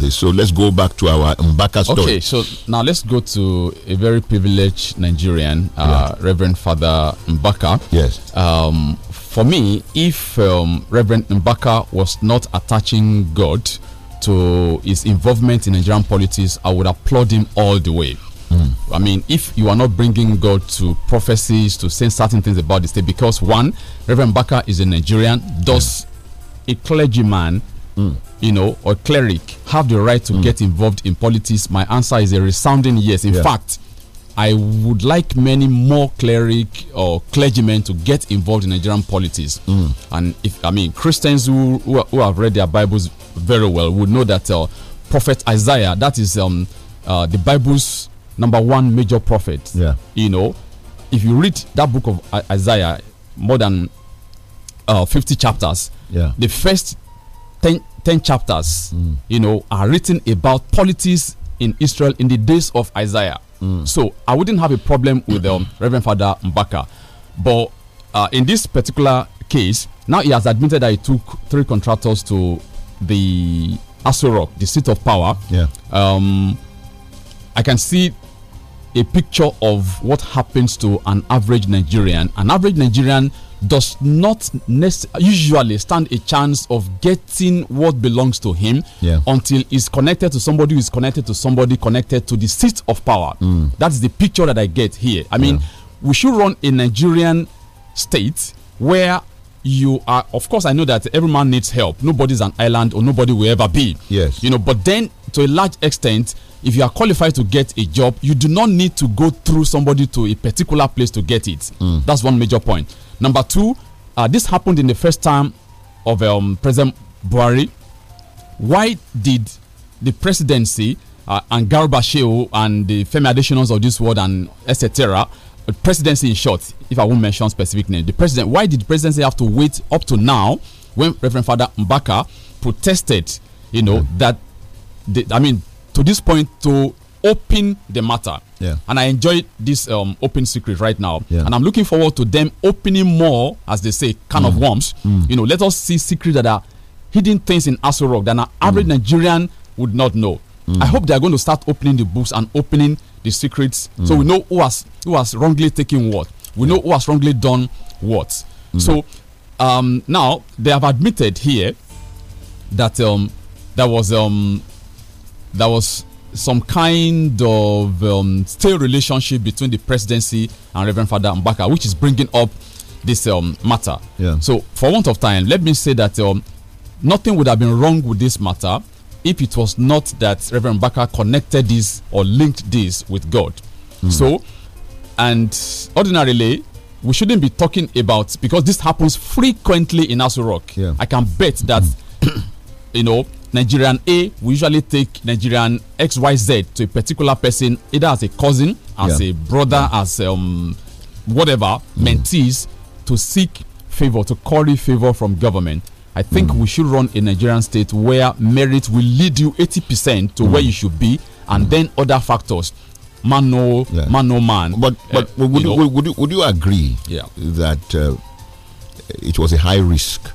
this. So let's go back to our Mbaka story. Okay, so now let's go to a very privileged Nigerian, uh, yeah. Reverend Father Mbaka. Yes. Um, for me, if um, Reverend Mbaka was not attaching God to his involvement in Nigerian politics, I would applaud him all the way. Mm. I mean, if you are not bringing God to prophecies, to say certain things about the state, because one, Reverend Baka is a Nigerian, thus mm. a clergyman mm. you know, or cleric have the right to mm. get involved in politics? My answer is a resounding yes. In yeah. fact, I would like many more cleric or clergymen to get involved in Nigerian politics. Mm. And if I mean Christians who, who, who have read their Bibles very well would know that uh, Prophet Isaiah, that is um, uh, the Bible's number one major prophet. Yeah, you know, if you read that book of Isaiah, more than uh, 50 chapters. Yeah. The first 10, ten chapters, mm. you know, are written about politics in Israel in the days of Isaiah. Mm. So I wouldn't have a problem with um, Reverend Father Mbaka. But uh, in this particular case, now he has admitted that he took three contractors to the Asorok, the seat of power. Yeah. Um, I can see a picture of what happens to an average Nigerian. An average Nigerian does not usually stand a chance of getting what belongs to him yeah. until he's connected to somebody who is connected to somebody connected to the seat of power. Mm. That's the picture that I get here. I mean, yeah. we should run a Nigerian state where you are of course i know that every man needs help nobody's an island or nobody will ever be yes you know but then to a large extent if you are qualified to get a job you do not need to go through somebody to a particular place to get it mm. that's one major point Number two, uh, this happened in the first time of um, President Buhari. Why did the presidency uh, and Garba Shehu and the Femi additions of this world and etc. Uh, presidency, in short, if I won't mention specific name, the president. Why did the presidency have to wait up to now when Reverend Father Mbaka protested? You know mm -hmm. that, the, I mean, to this point, to open the matter. Yeah. And I enjoy this um, open secret right now. Yeah. And I'm looking forward to them opening more, as they say, kind mm. of worms. Mm. You know, let us see secrets that are hidden things in Aso Rock that an average mm. Nigerian would not know. Mm. I hope they are going to start opening the books and opening the secrets so we mm. know who has who has wrongly taken what. We yeah. know who has wrongly done what. So um, now they have admitted here that um, was um, was some kind of um, stale relationship between the presidency and Reverend Father Mbaka, which is bringing up this um, matter. Yeah. So, for want of time, let me say that um, nothing would have been wrong with this matter if it was not that Reverend Mbaka connected this or linked this with God. Mm. So, and ordinarily, we shouldn't be talking about because this happens frequently in Asu Rock. Yeah. I can bet that, hmm. you know, Nigerian A will usually take Nigerian XYZ to a particular person, either as a cousin, as yeah. a brother, yeah. as um, whatever, mm. mentees, to seek favor, to curry favor from government. I think mm. we should run a Nigerian state where merit will lead you 80% to mm. where you should be, and mm. then other factors, man no, yeah. man no man. But eh, but uh, would, you know, would, you, would you agree yeah. that uh, it was a high risk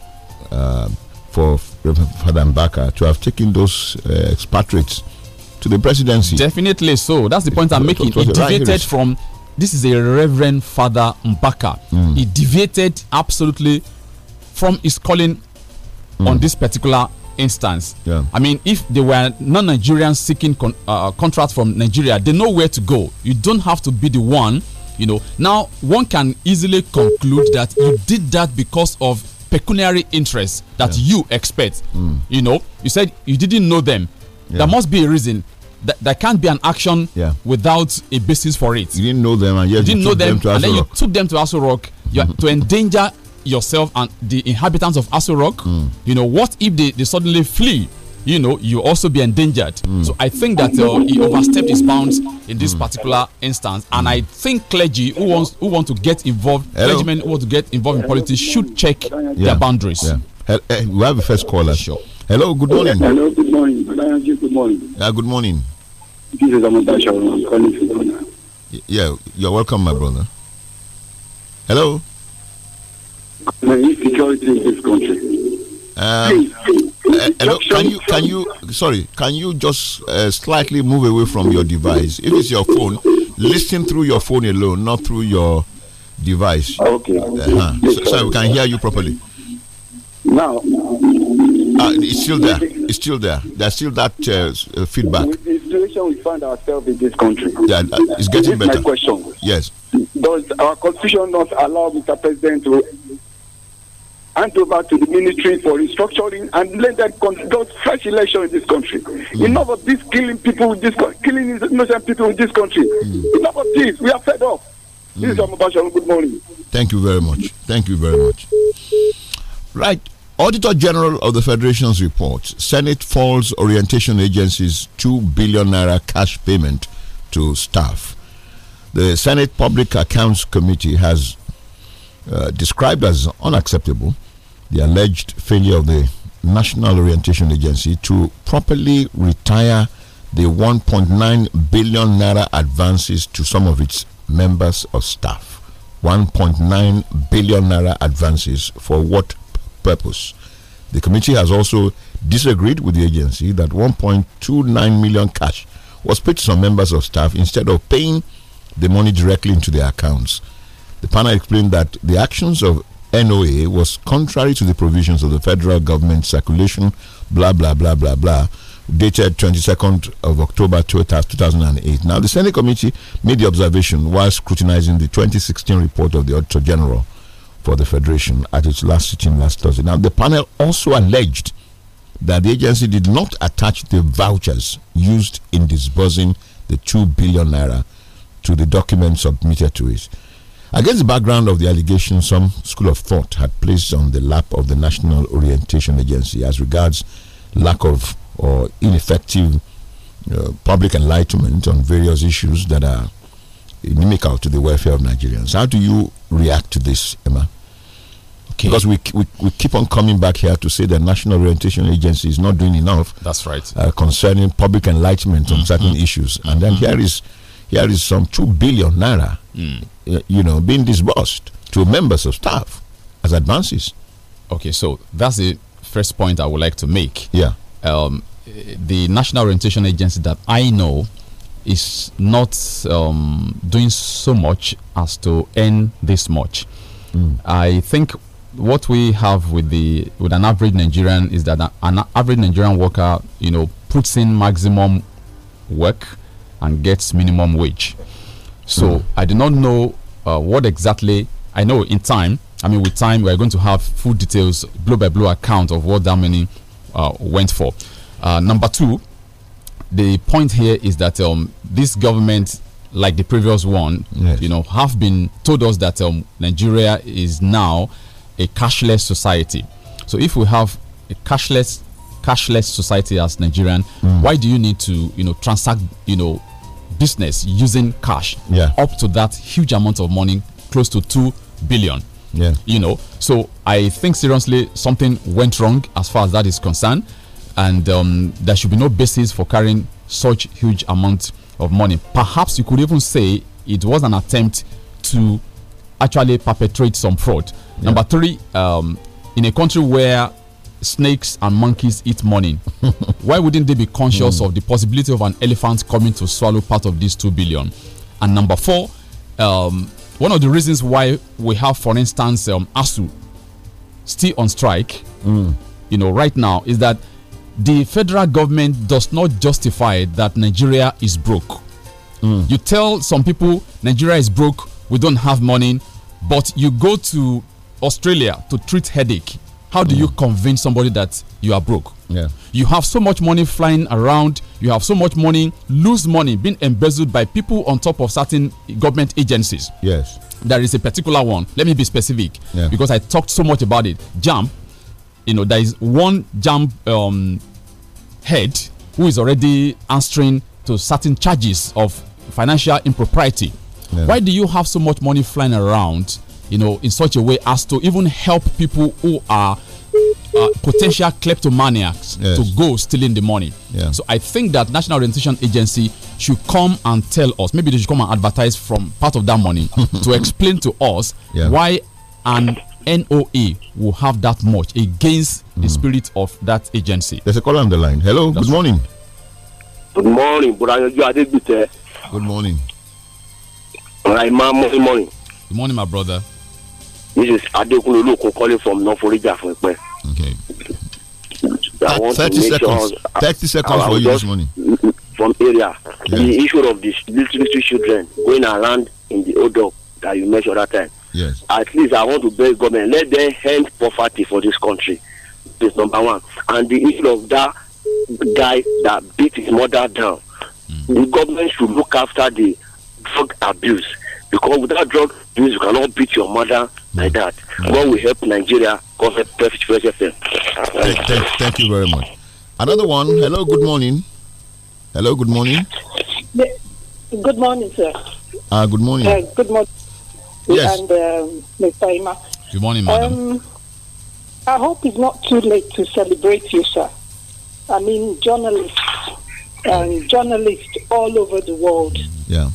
uh, for Father Mbaka to have taken those uh, expatriates to the presidency. Definitely so. That's the point it, I'm making. It, it, deviated right from this is a Reverend Father Mbaka. Mm. He deviated absolutely from his calling mm. on this particular instance. Yeah. I mean, if they were non Nigerians seeking con uh, uh contracts from Nigeria, they know where to go. You don't have to be the one, you know. Now, one can easily conclude that you did that because of pecuniary interest that yeah. you expect. Mm. You know, you said you didn't know them. Yeah. There must be a reason. That there can't be an action yeah. without a basis for it. You didn't know them, and you didn't you know them, them and then you took them to Aso Rock mm-hmm. to endanger yourself and the inhabitants of Aso Rock. Mm. You know, what if they, they suddenly flee? you know, you also be endangered. Mm. So I think that uh, he overstepped his bounds in this mm. particular instance, and hmm. I think clergy who wants who want to get involved, Hello. clergymen who want to get involved in politics should check yeah. their boundaries. Yeah. Eh, we have a first caller. Sure. Hello, good morning. Hello, good morning. Good morning. Uh, good morning. This is I'm calling from Yeah, you're welcome, my brother. Hello. There is security in this country. Um, uh, hello, can you can you sorry? Can you just uh, slightly move away from your device? If it's your phone, listen through your phone alone, not through your device. Okay. Uh-huh. So, we can hear you properly. Now. Uh, it's still there. It's still there. There's still that uh, uh feedback. the situation we find ourselves in this country. Yeah, uh, it's getting this better. my question. Yes. Does our constitution not allow Mr. President to hand over to the ministry for restructuring and let them conduct fresh election in this country. Mm. Enough of this killing people in this killing innocent people in this country. Mm. Enough of this. We are fed up. Mm. This is Amabashan. Good morning. Thank you very much. Thank you very much. Right. Auditor General of the Federation's report Senate falls orientation Agency's 2 billion naira cash payment to staff. The Senate Public Accounts Committee has uh, described as unacceptable the alleged failure of the National Orientation Agency to properly retire the 1.9 billion naira advances to some of its members of staff. 1.9 billion naira advances for what purpose? The committee has also disagreed with the agency that 1.29 million cash was paid to some members of staff instead of paying the money directly into their accounts. The panel explained that the actions of NOA was contrary to the provisions of the federal government circulation, blah, blah, blah, blah, blah, dated 22nd of October 2008. Now, the Senate committee made the observation while scrutinizing the 2016 report of the Auditor General for the Federation at its last sitting last Thursday. Now, the panel also alleged that the agency did not attach the vouchers used in disbursing the 2 billion naira to the documents submitted to it. Against the background of the allegations, some school of thought had placed on the lap of the National Orientation Agency as regards lack of or ineffective uh, public enlightenment on various issues that are inimical to the welfare of Nigerians. How do you react to this, Emma? Okay. Because we, we, we keep on coming back here to say the National Orientation Agency is not doing enough. That's right. Uh, concerning public enlightenment on mm -hmm. certain issues. And then mm -hmm. here is there is some 2 billion naira, mm. you know, being disbursed to members of staff as advances. Okay, so that's the first point I would like to make. Yeah. Um, the National Orientation Agency that I know is not um, doing so much as to earn this much. Mm. I think what we have with the with an average Nigerian is that an average Nigerian worker, you know, puts in maximum work and gets minimum wage. So mm. I do not know uh, what exactly. I know in time. I mean, with time, we are going to have full details, blow by blow account of what that money uh, went for. Uh, number two, the point here is that um, this government, like the previous one, yes. you know, have been told us that um, Nigeria is now a cashless society. So if we have a cashless cashless society as Nigerian, mm. why do you need to you know transact you know business using cash yeah. up to that huge amount of money, close to 2 billion. Yeah. You know, so I think seriously something went wrong as far as that is concerned, and um, there should be no basis for carrying such huge amount of money. Perhaps you could even say it was an attempt to actually perpetrate some fraud. Yeah. Number three, um, in a country where snakes and monkeys eat money. Why wouldn't they be conscious mm. of the possibility of an elephant coming to swallow part of these two billion? And number four, um, one of the reasons why we have, for instance, um, ASU still on strike, mm. you know, right now is that the federal government does not justify that Nigeria is broke. Mm. You tell some people Nigeria is broke, we don't have money, but you go to Australia to treat headache how do mm. you convince somebody that you are broke? Yeah. You have so much money flying around, you have so much money, lose money being embezzled by people on top of certain government agencies. Yes. There is a particular one. Let me be specific yeah. because I talked so much about it. Jam, you know, there is one jam um, head who is already answering to certain charges of financial impropriety. Yeah. Why do you have so much money flying around you know, in such a way as to even help people who are uh, potential kleptomaniacs yes. to go stealing the money. Yeah. So I think that National Orientation Agency should come and tell us. Maybe they should come and advertise from part of that money to explain to us yeah. why an NOA will have that much against mm. the spirit of that agency. There's a caller on the line. Hello, That's good morning. Good morning, Good morning. All right, ma, Good morning. Good morning, my brother. This is Adekunle Oloko calling from North Orija Ipe. Okay. 30 seconds. Sure, 30 seconds for you this morning. From area. The issue of these little, little children going around in the odor that you mentioned that time. Yes. At least I want to beg government, let them end poverty for this country. That's number one. And the issue of that guy that beat his mother down. Mm. The government should look after the drug abuse because without drug abuse, you cannot beat your mother like that. God will help Nigeria cause help Perfect Fresh Thank, thank, thank you very much. Another one. Hello, good morning. Hello, good morning. Good morning, sir. Uh, good morning. Uh, good morning. Yes. And um, Mr. Ima. Good morning, madam. Um, I hope it's not too late to celebrate you, sir. I mean, journalists and um, journalists all over the world. Yeah.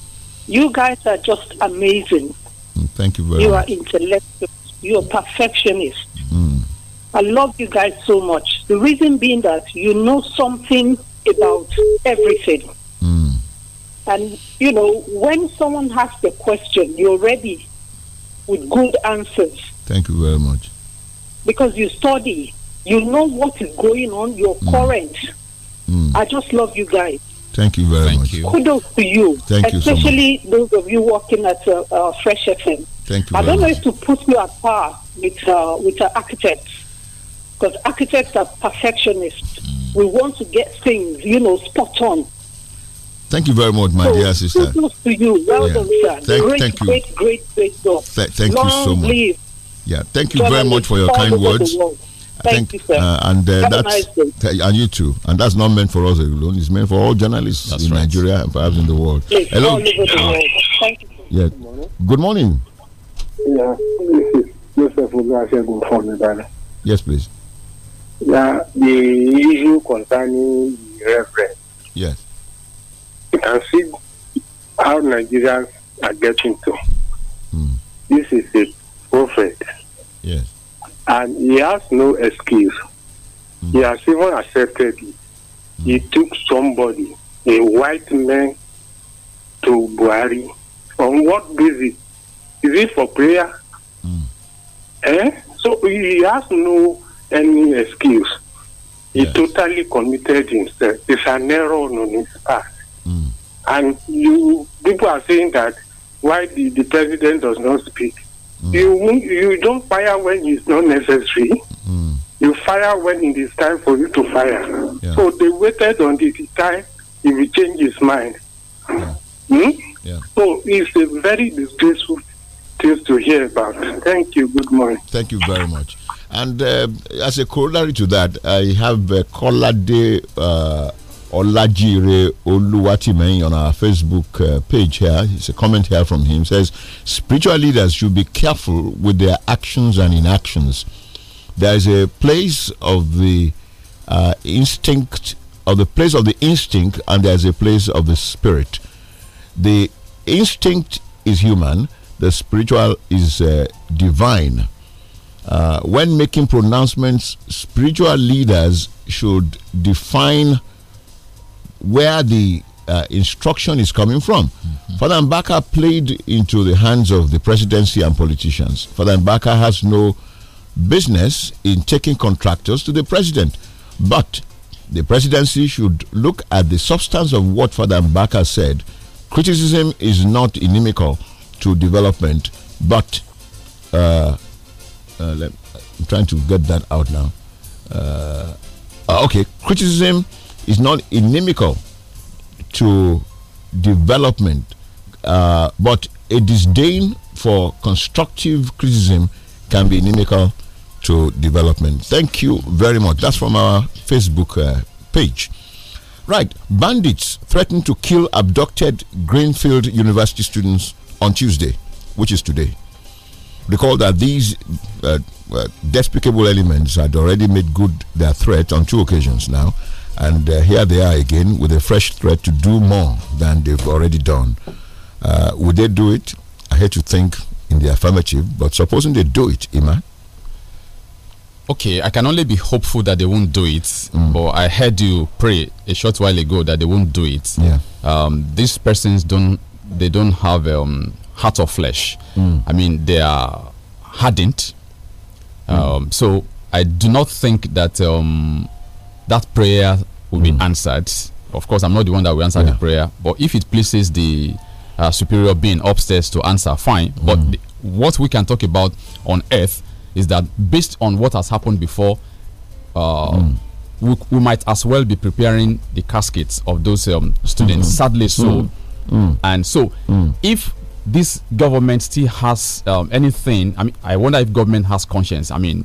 You guys are just amazing. Mm, thank you very you much. You are intellectual. You are perfectionist. Mm. I love you guys so much. The reason being that you know something about everything. Mm. And, you know, when someone has a question, you're ready with good answers. Thank you very much. Because you study, you know what is going on, you're mm. current. Mm. I just love you guys. Thank you very Thank much. You. Kudos to you. Thank especially you so those of you working at uh, uh, Fresh FM. Thank you. I don't know if to put you at par with uh, with uh, architects, because architects are perfectionists. Mm. We want to get things, you know, spot on. Thank you very much, my so, dear sister. Kudos to you. Well yeah. done, sir. Thank, great, thank you. great, great, great job. Th thank Long you so much. Live. Yeah, thank you Long very much for your kind words. Thank, you, sir. Uh, and uh, that's nice and you too. And that's not meant for us alone. It's meant for all journalists that's in right. Nigeria and perhaps in the world. Please, Hello. The Thank you. Yeah. Good morning. Good morning. Yes, please. Yeah, the issue concerning the reverend. Yes. You can see how Nigerians are getting to. Mm. This is a prophet. Yes and he has no excuse. Mm. He has even accepted it. Mm. He took somebody, a white man, to Buhari. On what basis? Is it for prayer? Mm. Eh? So he has no any excuse. He yes. totally committed himself. It's an error on his part. Hmm. And you people are saying that why the, the president does not speak. Mm. You you don't fire when it's not necessary. Mm. You fire when it is time for you to fire. Yeah. So they waited on the time he will change his mind. Yeah. Mm? Yeah. So it's a very disgraceful thing to hear about. Thank you. Good morning. Thank you very much. And uh, as a corollary to that, I have uh, Kolade uh, Olajire Oluwatime on our Facebook uh, page here. It's a comment here from him. says, Spiritual leaders should be careful with their actions and inactions. There is a place of the uh, instinct, or the place of the instinct, and there is a place of the spirit. The instinct is human, the spiritual is uh, divine. Uh, when making pronouncements, spiritual leaders should define where the uh, instruction is coming from. Mm -hmm. Father Mbaka played into the hands of the presidency and politicians. Father Mbaka has no business in taking contractors to the president. But the presidency should look at the substance of what Father Mbaka said. Criticism is not inimical to development, but uh, uh, I'm trying to get that out now. Uh, uh okay, criticism is not inimical to development, uh, but a disdain for constructive criticism can be inimical to development. Thank you very much. That's from our Facebook uh, page. Right, bandits threatened to kill abducted Greenfield University students on Tuesday, which is today. Recall that these uh, uh despicable elements had already made good their threat on two occasions now and uh, here they are again with a fresh threat to do more than they've already done. Uh, would they do it? I hate to think in the affirmative, but supposing they do it, Ima. Okay, I can only be hopeful that they won't do it, mm. but I heard you pray a short while ago that they won't do it. Yeah. Um, these persons don't they don't have um, heart of flesh. Mm. I mean, they are hardened. Mm. Um, mm. So I do not think that um, that prayer will mm. be hmm. answered. Of course, I'm not the one that will answer yeah. the prayer, but if it pleases the uh, superior being upstairs to answer, fine. But hmm. the, what we can talk about on earth is that based on what has happened before, uh, mm. we, we, might as well be preparing the caskets of those um, students. Hmm. Sadly, so. And so, if this government still has um, anything. I mean, I wonder if government has conscience. I mean,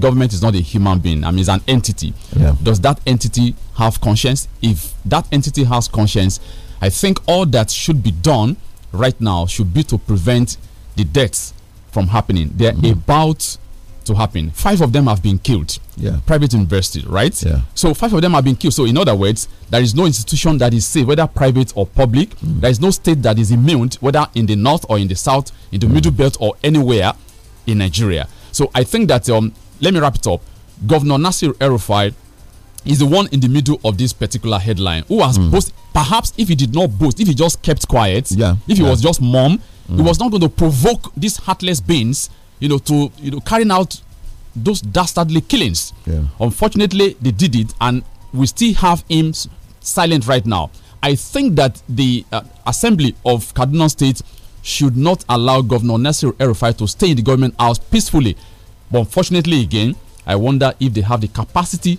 government is not a human being. I mean, it's an entity. Yeah. Does that entity have conscience? If that entity has conscience, I think all that should be done right now should be to prevent the deaths from happening. They're mm -hmm. about to happen. Five of them have been killed yeah. private university, right? Yeah. So five of them have been killed. So in other words, there is no institution that is safe, whether private or public. Mm. There is no state that is immune, whether in the north or in the south, in the mm. middle belt or anywhere in Nigeria. So I think that um, let me wrap it up. Governor Nasir Erufai is the one in the middle of this particular headline who has mm. boasted. Perhaps if he did not boast, if he just kept quiet, yeah. if he yeah. was just mum, he hmm. was not going to provoke these heartless beings, you know, to you know carrying out those dastardly killings. Yeah. Unfortunately, they did it, and we still have him silent right now. I think that the uh, assembly of cardinal State should not allow Governor Nasir Erufai to stay in the government house peacefully. But unfortunately, again, I wonder if they have the capacity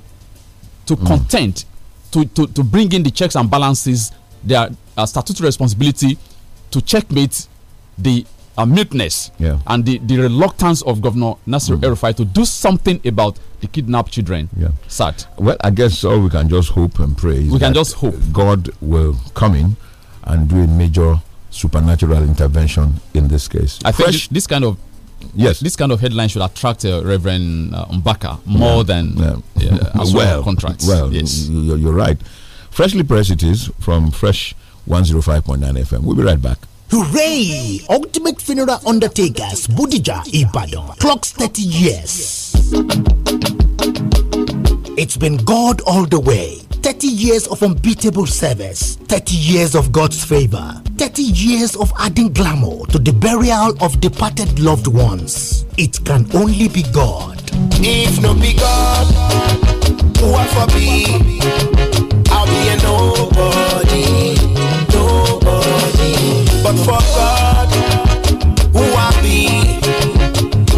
to mm. contend, to, to, to bring in the checks and balances, their uh, statutory responsibility to checkmate the uh, muteness yeah. and the, the reluctance of Governor Nasir mm. Erufai to do something about the kidnapped children. Yeah. Sad. Well, I guess all we can just hope and pray. We can just hope God will come in and do a major supernatural intervention in this case. I Fresh. think this kind of yes, this kind of headline should attract uh, Reverend uh, Mbaka more yeah. than yeah. Yeah, well contracts. Well, yes, you're right. Freshly pressed it is from Fresh 105.9 FM. We'll be right back. Hooray! Ultimate Funeral Undertakers, Budija, Ibadan. Clocks 30 years. It's been God all the way. 30 years of unbeatable service, 30 years of God's favor, 30 years of adding glamour to the burial of departed loved ones. It can only be God. If not be God, who are for me? I'll be a nobody. But for God, who I be,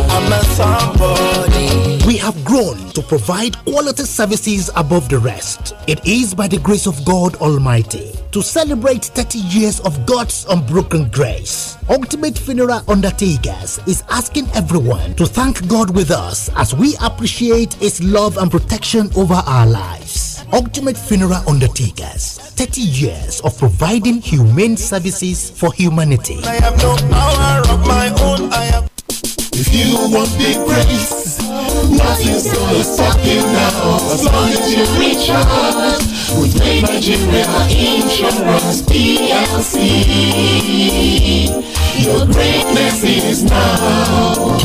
I'm a somebody. We have grown to provide quality services above the rest. It is by the grace of God Almighty to celebrate 30 years of God's unbroken grace. Ultimate Funeral Undertakers is asking everyone to thank God with us as we appreciate His love and protection over our lives. Ultimate Funeral Undertakers, 30 years of providing humane services for humanity. I have no power of my own. I if you want big grace, nothing's gonna stop you now. As long as you reach out with Nigeria Insurance PLC.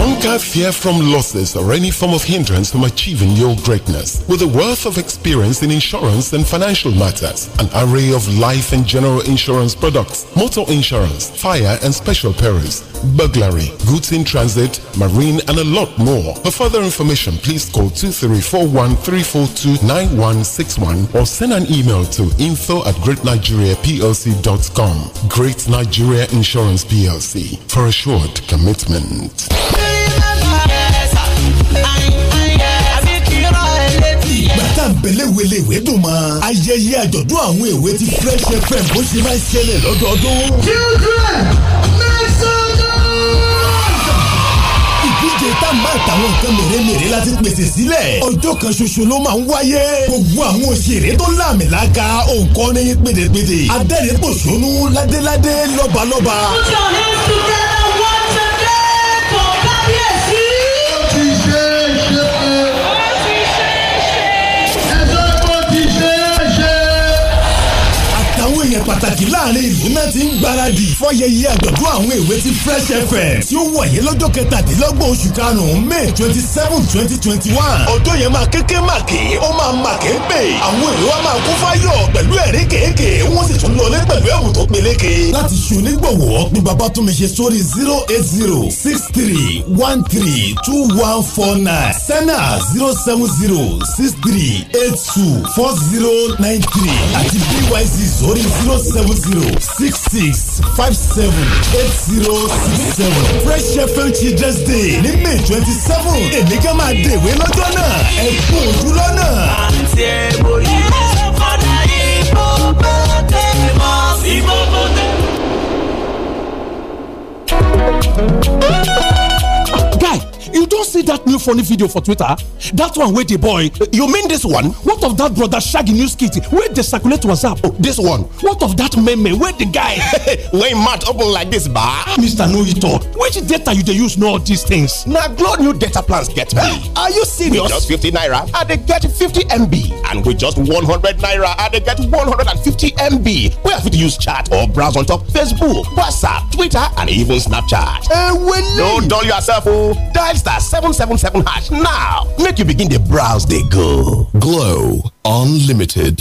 Conquer fear from losses or any form of hindrance from achieving your greatness. With a wealth of experience in insurance and financial matters, an array of life and general insurance products, motor insurance, fire and special perils, burglary, goods in transit, marine, and a lot more. For further information, please call 2341 9161 or send an email to info at greatnigeriaplc.com. Great Nigeria Insurance PLC LLC for a short commitment. tá ń bẹ̀lẹ̀ wele ìwé dùn mọ́. ayẹyẹ àjọ̀dún àwọn èwe ti Fresh FM bó ṣe máa ń ṣẹlẹ̀ lọ́dọọdún. children make some ìdíje tá a máa tàwọn nǹkan mèremère láti pèsè sílẹ̀. ọjọ́ kan ṣoṣo ló máa ń wáyé. gbogbo àwọn òṣèré tó láàmìlaka òǹkọ́ni pédèpédè. adẹ́rìn-pòṣónú ládéládé lọ́balọ́ba. ó jọ ní láàrin ìlú náà ti ń gbáradì fọyẹyẹ àjọ̀dún àwọn èwe ti fresh fm tí ó wọ̀nyẹ́ lọ́jọ́ kẹtàdínlọ́gbọ̀n oṣù karùn-ún may twenty seven twenty twenty one ọjọ́ yẹn máa kéké màkì ó máa màkì ń pè àwọn èrò wa máa kún fáyọ̀ pẹ̀lú ẹ̀rí kéèké wọ́n sì tún lọlé pẹ̀lú ẹ̀wù tó peléke. láti ṣonígbọ̀wọ́ ni bàbá tún mi ṣe sórí zero eight zero six three one three two one four nine sena zero seven zero six three eight two four zero nine three àti byz sórí zero seven zero six six five seven eight zero six seven Fresh FM Children's Day ní May twenty seven èmi kan máa dèwé lọ́jọ́ náà ẹ kú ojú lọ́nà. àǹtí ẹ̀ mo yí fọ́nà ìbò bọ́tẹ̀ mọ́ sí bọ́tẹ̀. You don't see that new funny video for Twitter? That one with the boy. You mean this one? What of that brother Shaggy News Kitty? Where they circulate WhatsApp? Oh, this one. What of that meme? Where the guy? Where mouth open like this, ba? Mr. No Which data you they use know all these things? Now, Glow new data plans get me. Are you serious? With just 50 naira, I they get 50 MB. And with just 100 naira, I they get 150 MB. Where have you use chat or browse on top Facebook, WhatsApp, Twitter, and even Snapchat? Uh, well, Don't dull yourself, oh. Dial star seven seven seven hash now make you begin the browse they go. Glow Unlimited.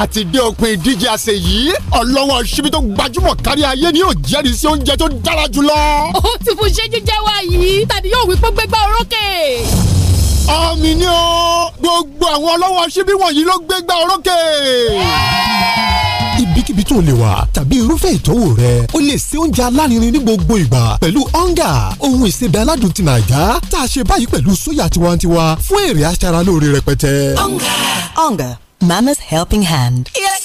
àti dé òpin ìdíje àṣẹ yìí ọlọ́wọ́ ṣíbí tó gbajúmọ̀ kárí ayé ni yóò jẹ́rìí sí oúnjẹ tó dára jùlọ. ó ti fún ṣẹ́jú jẹ́ wa yìí tàbí yóò wí pé gbégbá orókè. ọmọ ni ó gbogbo àwọn ọlọ́wọ́ ṣíbí wọ̀nyí ló gbégbá orókè. Yeah! níbikíbi tó lè wà tàbí irúfẹ́ ìtọ́wò rẹ o lè ṣe oúnjẹ alárinrin ní gbogbo ìgbà pẹ̀lú ọ̀ngà ohun ìsebẹ̀ aládùn ti nàìjà tá a ṣe báyìí pẹ̀lú sóyà tiwantiwa fún èrè aṣaralóore rẹpẹtẹ. ọ̀ngà ọ̀ngà mama's helping hand. Yes.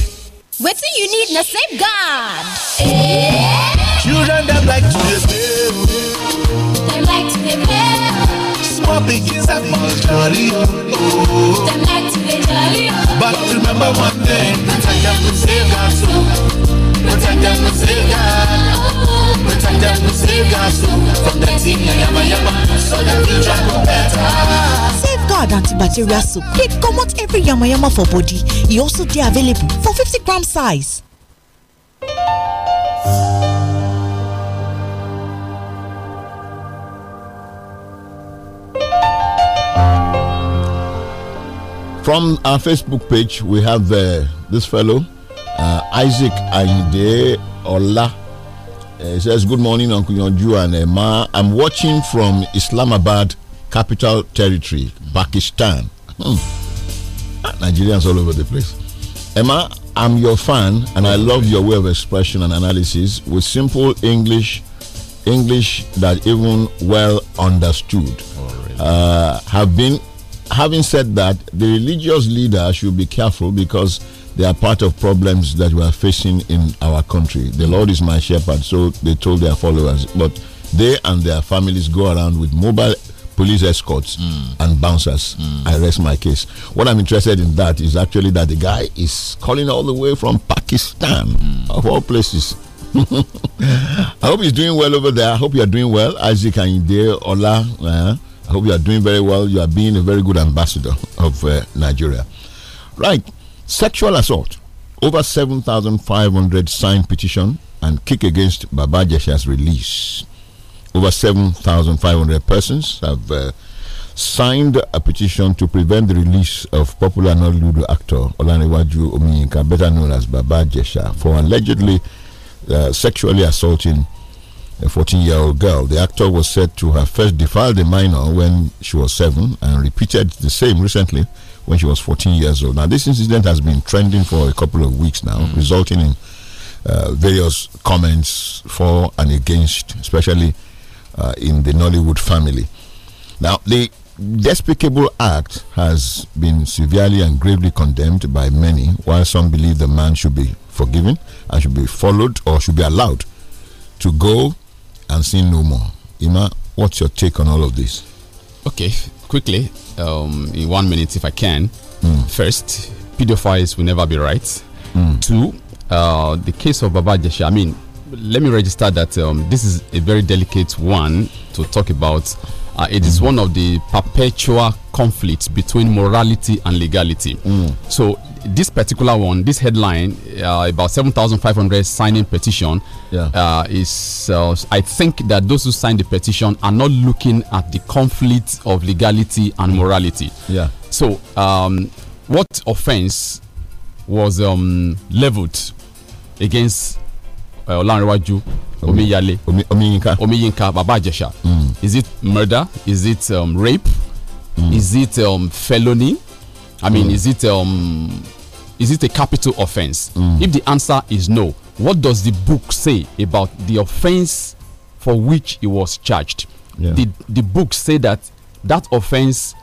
What do you need na safeguard. Children dem like to be play o. like to be play o. Small pikin sabi jolly o. Oh. like to be jolly o. Oh. But remember one thing, protect them from safeguard so. Protect them from safeguard. Protect dem from safeguard so. From dirty yama yama, so that future will be better antibacterial soap dey comot every yamayama for body e also dey available for fifty gram size. From our Facebook page, we have uh, this fellow, uh, Isaac Ayinde Ola. Uh, he says, Good morning, Uncle Yonju and Emma. I'm watching from Islamabad, capital territory, Pakistan. Hmm. Nigerians all over the place. Emma, I'm your fan and I love your way of expression and analysis with simple English English that even well understood. uh, have been having said that, the religious leader should be careful because they are part of problems that we are facing in our country. The Lord is my shepherd, so they told their followers. But they and their families go around with mobile police escorts mm. and bouncers. Mm. I rest my case. What I'm interested in that is actually that the guy is calling all the way from Pakistan, mm. of all places. I hope he's doing well over there. I hope you are doing well, Isaac Ayinde Ola. Uh, I hope you are doing very well. You are being a very good ambassador of uh, Nigeria. Right, sexual assault. Over 7,500 signed petition and kick against Baba Jesha's release over 7,500 persons have uh, signed a petition to prevent the release of popular Nollywood actor Olaniwaju Omiyinka, better known as Baba Jesha, for allegedly uh, sexually assaulting a 14-year-old girl. The actor was said to have first defiled a minor when she was seven and repeated the same recently when she was 14 years old. Now, this incident has been trending for a couple of weeks now, mm. resulting in uh, various comments for and against, especially uh, in the Nollywood family. Now, the despicable act has been severely and gravely condemned by many, while some believe the man should be forgiven and should be followed or should be allowed to go and sin no more. Ima, what's your take on all of this? Okay, quickly, um, in one minute if I can. Mm. First, pedophiles will never be right. Mm. Two, uh, the case of Baba Jesha, I mean, let me register that um, this is a very delicate one to talk about. Uh, it is mm. one of the perpetual conflicts between morality and legality. Mm. So this particular one, this headline uh, about 7,500 signing petition yeah. uh, is, uh, I think that those who sign the petition are not looking at the conflict of legality and morality. Yeah. So, um, what offense was um, leveled against Eh, Ọlánrewájú Omíyalé Omíyínká Omíyínká Bàbá Àjẹsà mm. is it murder is it um, rape mm. is it um, felony I mean mm. is it um, is it a capital offence mm. if the answer is no what does the book say about the offence for which he was charged yeah. the the book say that that offence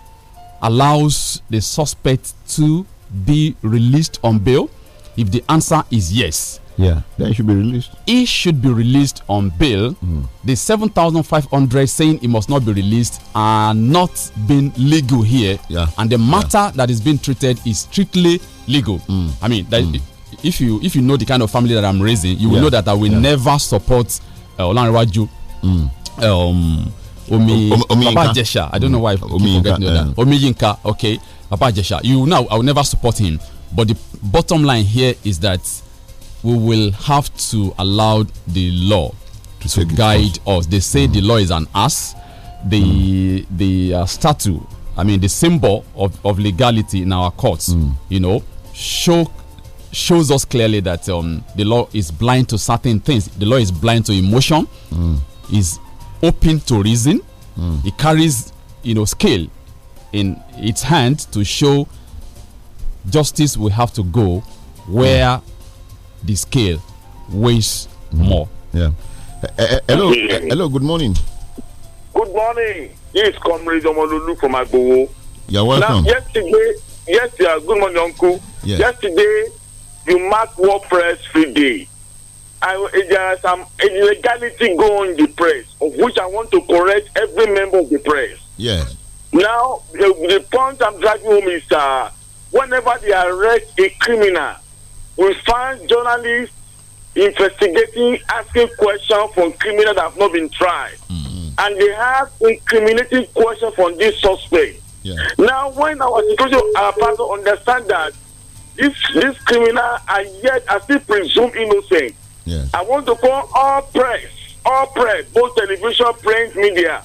allows the suspect to be released on bail if the answer is yes yeah, then he should be released. He should be released on bail. Mm. The 7,500 saying he must not be released are not being legal here. Yeah. And the matter yeah. that is being treated is strictly legal. Mm. I mean, mm. if you if you know the kind of family that I'm raising, you will yeah. know that I will yeah. never support uh, Olanrewaju. Hmm. Um, Omi, Omi, Papa Jesha. I don't know hmm. why I Omi keep forgetting Inka, that. Omi Yinka, okay. Papa Jesha. You now I will never support him. But the bottom line here is that we will have to allow the law to, to guide us. They say mm. the law is an ass. The mm. the uh, statue, I mean, the symbol of, of legality in our courts, mm. you know, show shows us clearly that um, the law is blind to certain things. The law is blind to emotion. Mm. Is open to reason. Mm. It carries, you know, scale in its hand to show justice. We have to go where mm the scale weighs more. Yeah. Uh, hello, eh, hello. Good morning. Good morning. This is Comrade Omololu from Agbowo. You're welcome. Now, yesterday, yesterday, good morning, Uncle. Yes. Yesterday, you marked World Press Free Day. I, there are some illegality going on in the press, of which I want to correct every member of the press. Yes. Now, the, the point I'm driving home is uh, whenever they arrest a criminal, we find journalists investigating, asking questions from criminals that have not been tried. Mm. And they have incriminating questions from this suspect. Yeah. Now, when our security partner understand that these criminal criminals are yet are still presumed innocent, yeah. I want to call all press, all press, both television, print, media,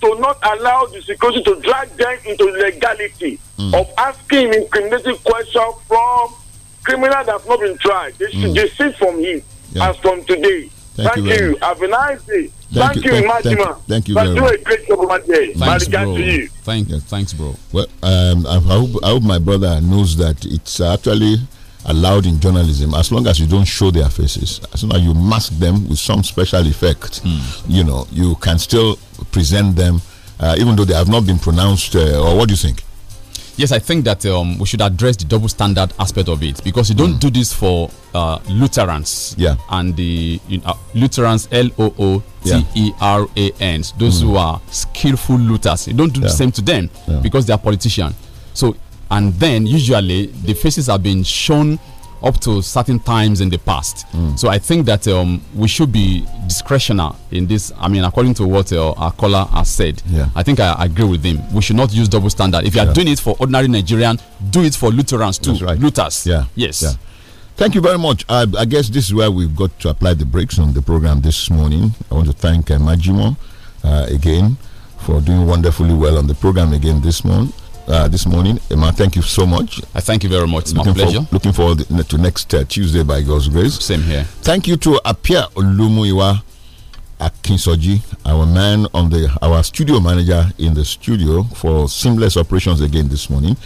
to not allow the security to drag them into legality mm. of asking incriminating questions from criminal that's not been tried. They should mm. desist from him yeah. as from today. Thank, thank you. you. Have a nice day. Thank, thank you, you thank, you, Thank, you very much. Great job over there. Thanks, bro. You. Thank, you. Thanks, bro. Well, um, I, hope, I hope my brother knows that it's actually allowed in journalism as long as you don't show their faces as long as you mask them with some special effect hmm. you know you can still present them uh, even though they have not been pronounced uh, or what do you think yes, I think that um, we should address the double standard aspect of it because you don't mm. do this for uh, Lutherans. Yeah. And the you Lutherans, L O O T E R A N, mm. those mm. who are skillful looters. You don't do yeah. the same to them yeah. because they are politicians. So, and then usually the faces are being shown up to certain times in the past. Mm. So I think that um, we should be discretionary in this. I mean, according to what uh, our caller has said, yeah. I think I, agree with him. We should not use double standard. If you are yeah. doing it for ordinary Nigerian, do it for Lutherans too. Right. Luthers. Yeah. Yes. Yeah. Thank you very much. I, I, guess this is where we've got to apply the brakes on the program this morning. I want to thank uh, Majimo uh, again for doing wonderfully well on the program again this month uh, this morning. Emma, thank you so much. I thank you very much. It's looking my pleasure. For, looking forward to next uh, Tuesday by God's grace. Same here. Thank you to Apia Olumuiwa Akinsoji, our man on the our studio manager in the studio for seamless operations again this morning.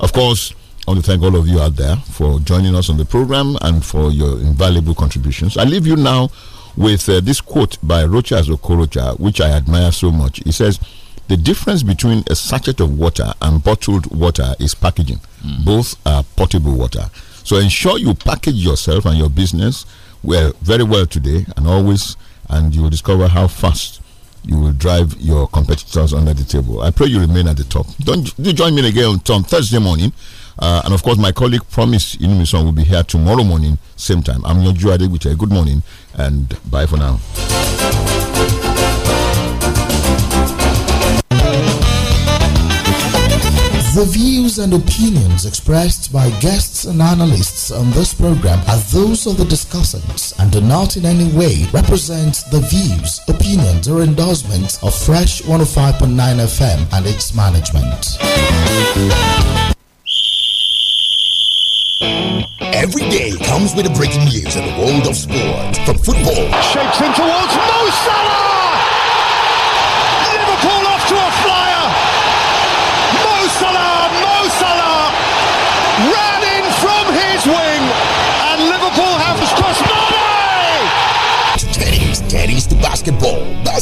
Of course. I want to thank all of you out there for joining us on the program and for your invaluable contributions. I leave you now with uh, this quote by Rochas Okorocha, which I admire so much. He says, the difference between a sachet of water and bottled water is packaging. Mm. Both are potable water. So ensure you package yourself and your business well, very well today and always, and you will discover how fast you will drive your competitors under the table. I pray you remain at the top. Don't do join me again on Thursday morning. Uh, and of course, my colleague Promise Inumison will be here tomorrow morning, same time. I'm your with a Good morning and bye for now. The views and opinions expressed by guests and analysts on this program are those of the discussants and do not in any way represent the views, opinions, or endorsements of Fresh 105.9 FM and its management. Every day comes with a breaking news in the world of sports. From football, shapes in towards Mo Salah! basketball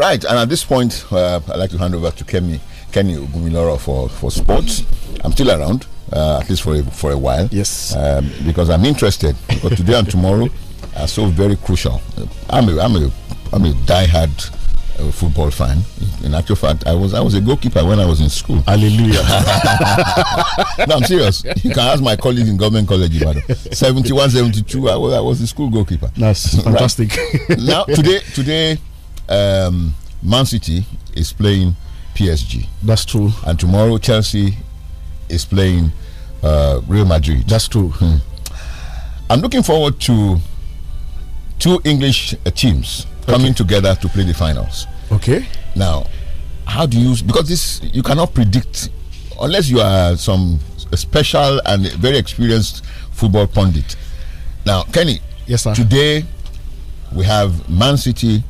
Right, and at this point, uh, I'd like to hand over to Kemi, Kenny Ogumiloro for, for sports. I'm still around, uh, at least for a, for a while. Yes. Um, because I'm interested. But today and tomorrow are so very crucial. I'm a, I'm a, I'm a diehard a uh, football fan. In actual fact, I was I was a goalkeeper when I was in school. Hallelujah. no, I'm serious. You can ask my colleagues in government college it. 71, 72, I was I was a school goalkeeper. That's fantastic. Right? Now today today um, Man City is playing PSG. That's true. And tomorrow Chelsea is playing uh, Real Madrid. That's true. Hmm. I'm looking forward to two English uh, teams okay. coming together to play the finals. Okay. Now, how do you? Because this you cannot predict unless you are some special and very experienced football pundit. Now, Kenny. Yes, sir. Today we have Man City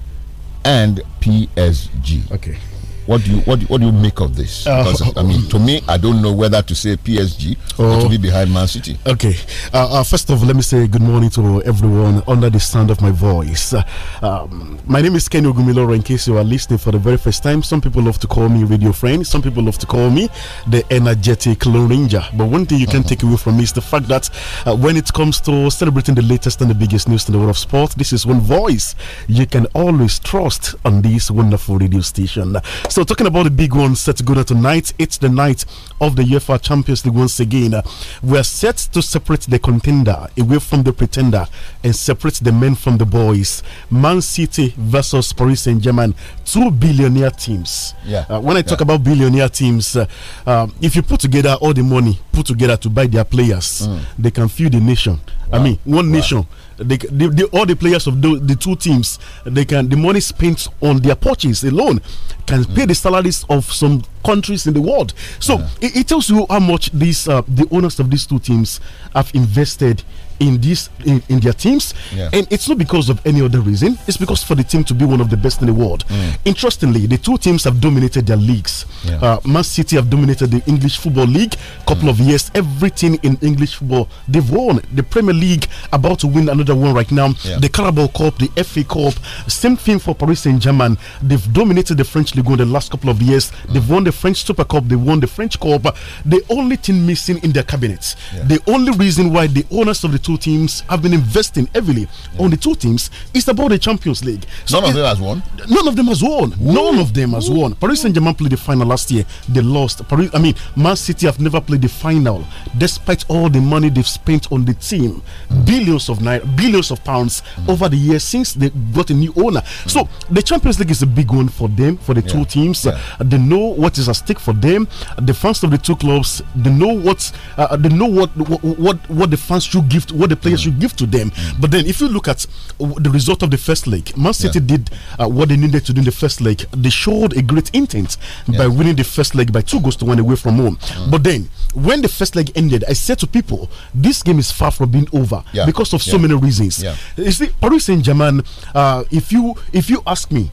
and PSG. Okay. What do you what do, what do you make of this? Uh, because uh, I mean, to me, I don't know whether to say PSG oh, or to oh. be behind Man City. Okay, uh, uh, first of all, let me say good morning to everyone under the sound of my voice. Uh, um, my name is Kenny Ogumiloro. In case you are listening for the very first time, some people love to call me radio friend. Some people love to call me the energetic Lone Ranger. But one thing you can -huh. take away from me is the fact that uh, when it comes to celebrating the latest and the biggest news in the world of sports, this is one voice you can always trust on this wonderful radio station. So so, talking about the big one set to go down tonight, it's the night of the UEFA Champions League once again. Uh, we are set to separate the contender away from the pretender and separate the men from the boys. Man City versus Paris Saint Germain, two billionaire teams. Yeah. Uh, when I talk yeah. about billionaire teams, uh, um, if you put together all the money put together to buy their players, mm. they can feed the nation. Wow. I mean, one wow. nation they, they, they, all the players of the, the, two teams, they can the money spent on their purchase alone can mm. pay the salaries of some countries in the world. So yeah. it, it, tells you how much these uh, the owners of these two teams have invested in this in, in their teams, yeah. and it's not because of any other reason. It's because for the team to be one of the best in the world. Mm. Interestingly, the two teams have dominated their leagues. Yeah. Uh, Man City have dominated the English Football League couple mm. of years. Everything in English football they've won. The Premier League about to win another one right now. Yeah. The Carabao Cup, the FA Cup. Same thing for Paris Saint Germain. They've dominated the French league in the last couple of years. Mm. They've won the French Super Cup. They won the French Cup. The only thing missing in their cabinets. The only reason why the owners of the two two teams have been investing heavily yeah. on the two teams. It's about the Champions League. So none of them has won. None of them has won. Ooh. None of them has won. Paris Saint Germain played the final last year. They lost. Paris, I mean, Man City have never played the final, despite all the money they've spent on the team, mm. billions of naira, billions of pounds mm. over the years since they got a new owner. Mm. So the Champions League is a big one for them, for the yeah. two teams. Yeah. Uh, they know what is at stake for them. The fans of the two clubs, they know what uh, they know what, what what what the fans should give to what the players should give to them. But then, if you look at the result of the first leg, Man City did uh, what they needed to do in the first leg. They showed a great intent by winning the first leg by two goals to one away from home. Mm. But then, when the first leg ended, I said to people, this game is far from being over yeah. because of so yeah. many reasons. Yeah. You see, Paris Saint Germain, uh, if you if you ask me,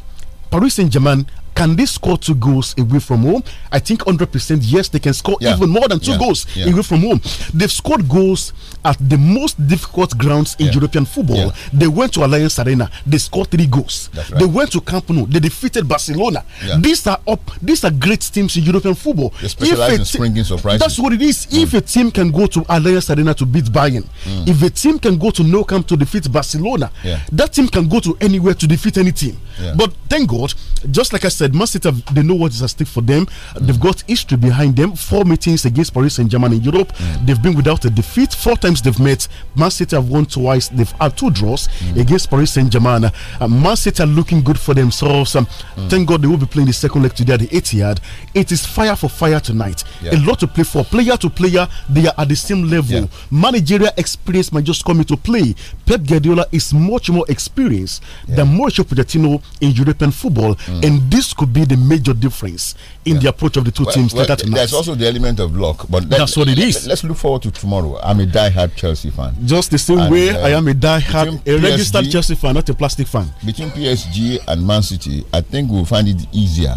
Paris Saint Germain can they score two goals away from home? I think 100% yes, they can score yeah. even more than two yeah. goals yeah. away from home. They've scored goals at the most difficult grounds in European football. They went to Alliance Arena, they scored three goals. Right. They went to Camp Nou, they defeated Barcelona. These are up, these are great teams in European football. They specialize in springing surprises. That's what it is. Mm. If a team can go to Alliance Arena to beat Bayern, mm. if a team can go to No Camp to defeat Barcelona, that team can go to anywhere to defeat any team. But thank God, just like I said Man City have, they know what is at stake for them. Mm. They've got history behind them. Four meetings against Paris and Germany in Europe. Mm. They've been without a defeat. Four times they've met. Man City have won twice. They've had two draws mm. against Paris Saint Germain. Uh, Man City are looking good for themselves. Um, mm. Thank God they will be playing the second leg today at the 8 yard. It is fire for fire tonight. Yeah. A lot to play for. Player to player, they are at the same level. Yeah. Managerial experience might just come into play. Pep Guardiola is much more experienced yeah. than Mauricio Pochettino in European football. Mm. And this could be the major difference in yeah. the approach of the two well, teams well, tonight. There's also the element of luck, but that's what it is. Let's look forward to tomorrow. I'm a die-hard Chelsea fan. Just the same and, way uh, I am a die-hard, a PSG, registered Chelsea fan, not a plastic fan. Between PSG and Man City, I think we'll find it easier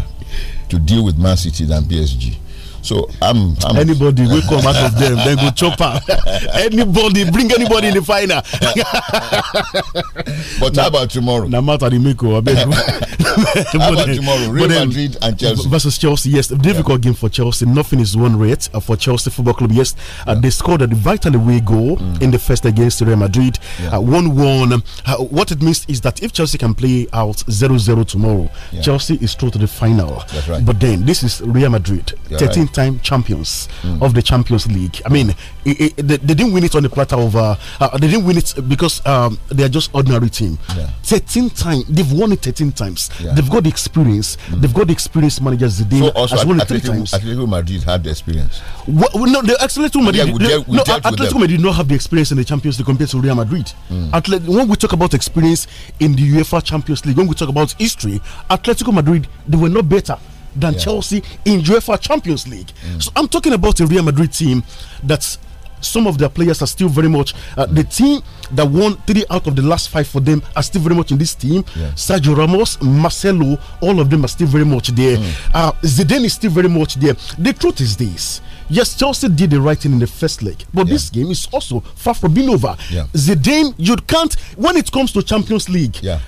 to deal with Man City than PSG. So I'm, I'm anybody will come out of them, then go chopper. anybody bring anybody in the final. but how about tomorrow? No matter the Miko. how about eh, tomorrow? Real then, Madrid and Chelsea versus Chelsea. Yes, difficult yeah. game for Chelsea. Nothing is one rate uh, for Chelsea Football Club. Yes, uh, yeah. they scored a vital away goal mm. in the first against Real Madrid, yeah. uh, one one. Uh, what it means is that if Chelsea can play out 0-0 tomorrow, Chelsea is through to the final. Right. But then this is Real Madrid, 13th time champions mm. of the Champions League. I mean, it, it, they, they, didn't win it on the platter of, uh, uh, they didn't win it because um, they are just ordinary team. Yeah. 13 times, they've won it 13 times. Yeah. They've got the experience, mm. they've got the experience. managers. They so also, as well Atletico, three times. Atletico Madrid had the experience. What, no, the Atletico Madrid, yeah, we, we no, Atletico Madrid did not have the experience in the Champions League compared to Real Madrid. Mm. Atlet when we talk about experience in the UEFA Champions League, when we talk about history, Atletico Madrid, they were not better than yeah. Chelsea in UEFA Champions League. Mm. So I'm talking about a Real Madrid team that some of their players are still very much uh, the team that won three out of the last five for them are still very much in this team. Yeah. Sergio Ramos, Marcelo, all of them are still very much there. Mm. Uh, Zidane is still very much there. The truth is this. Yes, Chelsea did the right thing in the first leg, but yeah. this game is also far from being over. Yeah. Zidane, you can't, when it comes to Champions League, yeah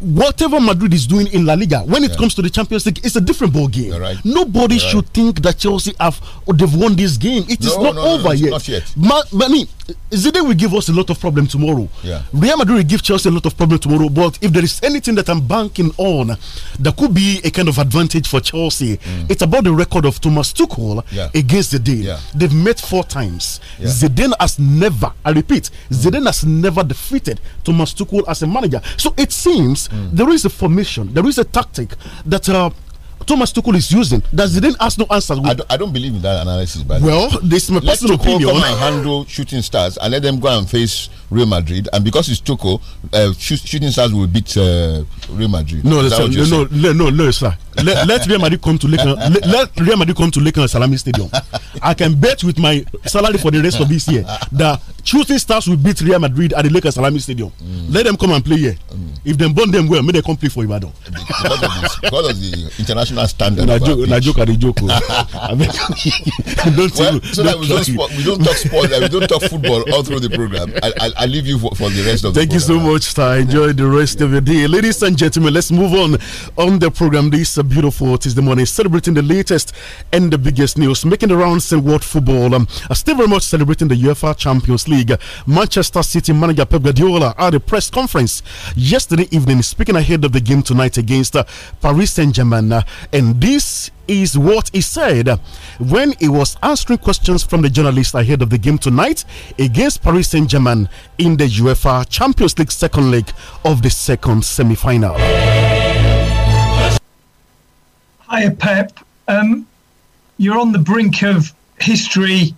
whatever Madrid is doing in La Liga, when it yeah. comes to the Champions League, it's a different ball game. Right. Nobody right. should think that Chelsea have they've won this game. It no, is not no, over no, yet. Not yet. Ma I mean, Zidane will give us a lot of problem tomorrow. Yeah. Real Madrid will give Chelsea a lot of problem tomorrow. But if there is anything that I'm banking on, there could be a kind of advantage for Chelsea. Mm. It's about the record of Thomas Tuchel yeah. against Zidane. Yeah. They've met four times. Yeah. Zidane has never, I repeat, mm. Zidane has never defeated Thomas Tuchel as a manager. So it seems Mm. There is a formation, there is a tactic that uh, Thomas Tuchel is using. Does he ask no answers? I don't, I don't, believe in that analysis. By well, this is my let personal Tuchel opinion. Come and handle shooting stars and let them go and face Real Madrid. And because it's Tuchel, uh, shooting stars will beat uh, Real Madrid. No, no, no, no, no, sir. let, let Real Madrid come to Lincoln, let, let, Real Madrid come to Lincoln Salami Stadium. I can bet with my salary for the rest of this year that shooting stars will beat Real Madrid at the Lincoln Salami Stadium. Mm. Let them come and play here. Mm. If they burn them well, may they come play for Ibadan. because of the international Standard. not Joke. there. Oh. don't well, so that we don't, we don't talk sports. we don't talk football all through the program. I, will leave you for, for, the rest of Thank the you so much, sir. Enjoy the rest of your day. Ladies and gentlemen, let's move on on the program. This uh, beautiful Tuesday morning, celebrating the latest and the biggest news, making the rounds in world football. Um, still very much celebrating the UEFA Champions League. Manchester City manager Pep Guardiola at a press conference yesterday evening, speaking ahead of the game tonight against uh, Paris Saint Germain. Uh, and this is what he said when he was answering questions from the journalists ahead of the game tonight against Paris Saint Germain in the UEFA Champions League second leg of the second semi final. Hiya, Pep. Um, you're on the brink of history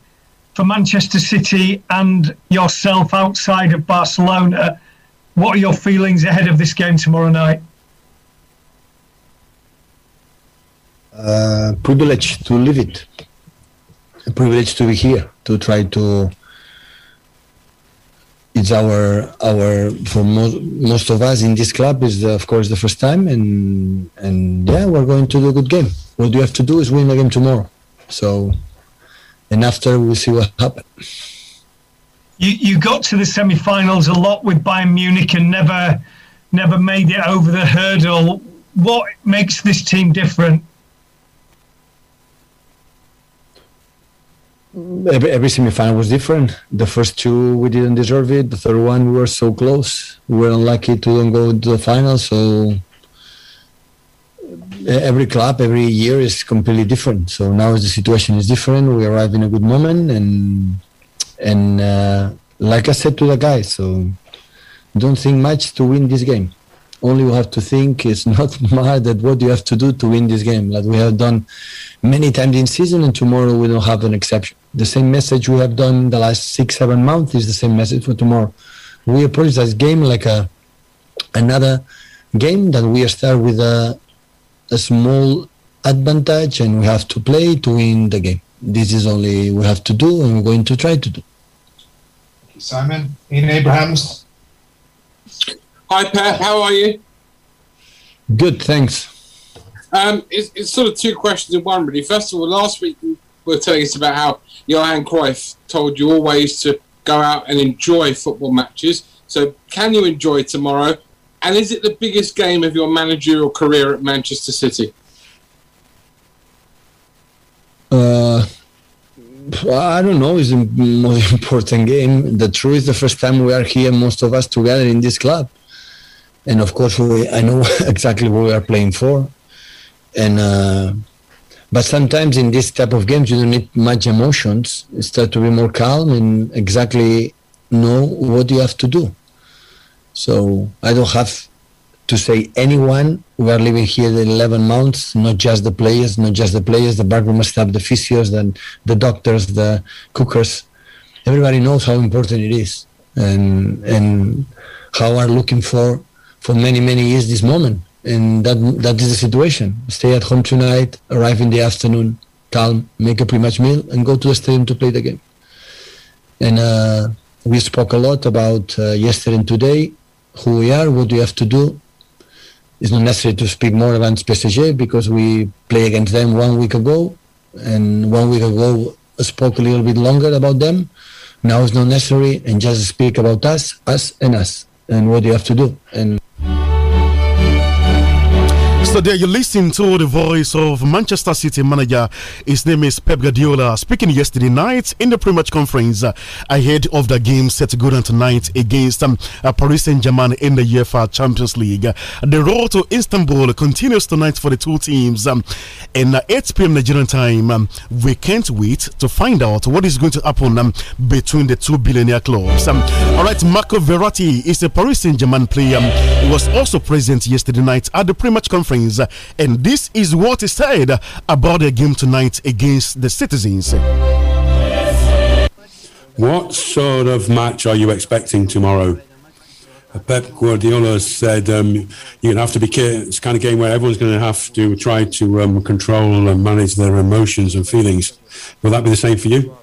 for Manchester City and yourself outside of Barcelona. What are your feelings ahead of this game tomorrow night? Uh, privilege to live it, a privilege to be here, to try to. It's our our for most most of us in this club is the, uh, of course the first time, and and yeah, we're going to do a good game. What you have to do is win the game tomorrow. So, and after we'll see what happens you, you got to the semi-finals a lot with Bayern Munich and never never made it over the hurdle. What makes this team different? every, every semifinal was different. The first two we didn't deserve it. The third one we were so close. We were unlucky to don't go to the final. So every club, every year is completely different. So now the situation is different. We arrive in a good moment, and and uh, like I said to the guys, so don't think much to win this game only you have to think is not mad at what you have to do to win this game, like we have done many times in season, and tomorrow we don't have an exception. The same message we have done the last six, seven months is the same message for tomorrow. We approach this game like a another game that we start with a, a small advantage and we have to play to win the game. This is only we have to do and we're going to try to do. Simon, Ian Abrahams. Hi, Pat. How are you? Good, thanks. Um, it's, it's, sort of two questions in one, really. First of all, last week you were telling us about how Johan Cruyff told you always to go out and enjoy football matches. So, can you enjoy tomorrow? And is it the biggest game of your managerial career at Manchester City? Uh, I don't know. It's the most important game. The truth is, the first time we are here, most of us together in this club and of course we, I know exactly what we are playing for, and uh, but sometimes in this type of games you don't need much emotions. You start to be more calm and exactly know what you have to do. So I don't have to say anyone. We are living here the 11 months, not just the players, not just the players, the backroom staff, the physios, then the doctors, the cookers. Everybody knows how important it is and and how are looking for for many, many years this moment. And that that is the situation. Stay at home tonight, arrive in the afternoon, calm, make a pre-match meal, and go to the stadium to play the game. And uh, we spoke a lot about uh, yesterday and today, who we are, what we have to do. It's not necessary to speak more about PSG because we play against them one week ago, and one week ago I spoke a little bit longer about them. Now it's not necessary, and just speak about us, us, and us, and what you have to do. And so there you listen to the voice of Manchester City manager. His name is Pep Guardiola. Speaking yesterday night in the pre-match conference uh, ahead of the game set to go down tonight against um, uh, Paris Saint-Germain in the UEFA Champions League. Uh, the road to Istanbul continues tonight for the two teams. Um, and uh, 8 p.m. Nigerian time, um, we can't wait to find out what is going to happen um, between the two billionaire clubs. Um, all right, Marco Verratti is a Paris Saint-Germain player. Um, was also present yesterday night at the pre-match conference citizens. And this is what he said about the game tonight against the citizens. What sort of match are you expecting tomorrow? Uh, Pep Guardiola said um, you're going to have to be careful. It's kind of game where everyone's going to have to try to um, control and manage their emotions and feelings. Will that be the same for you?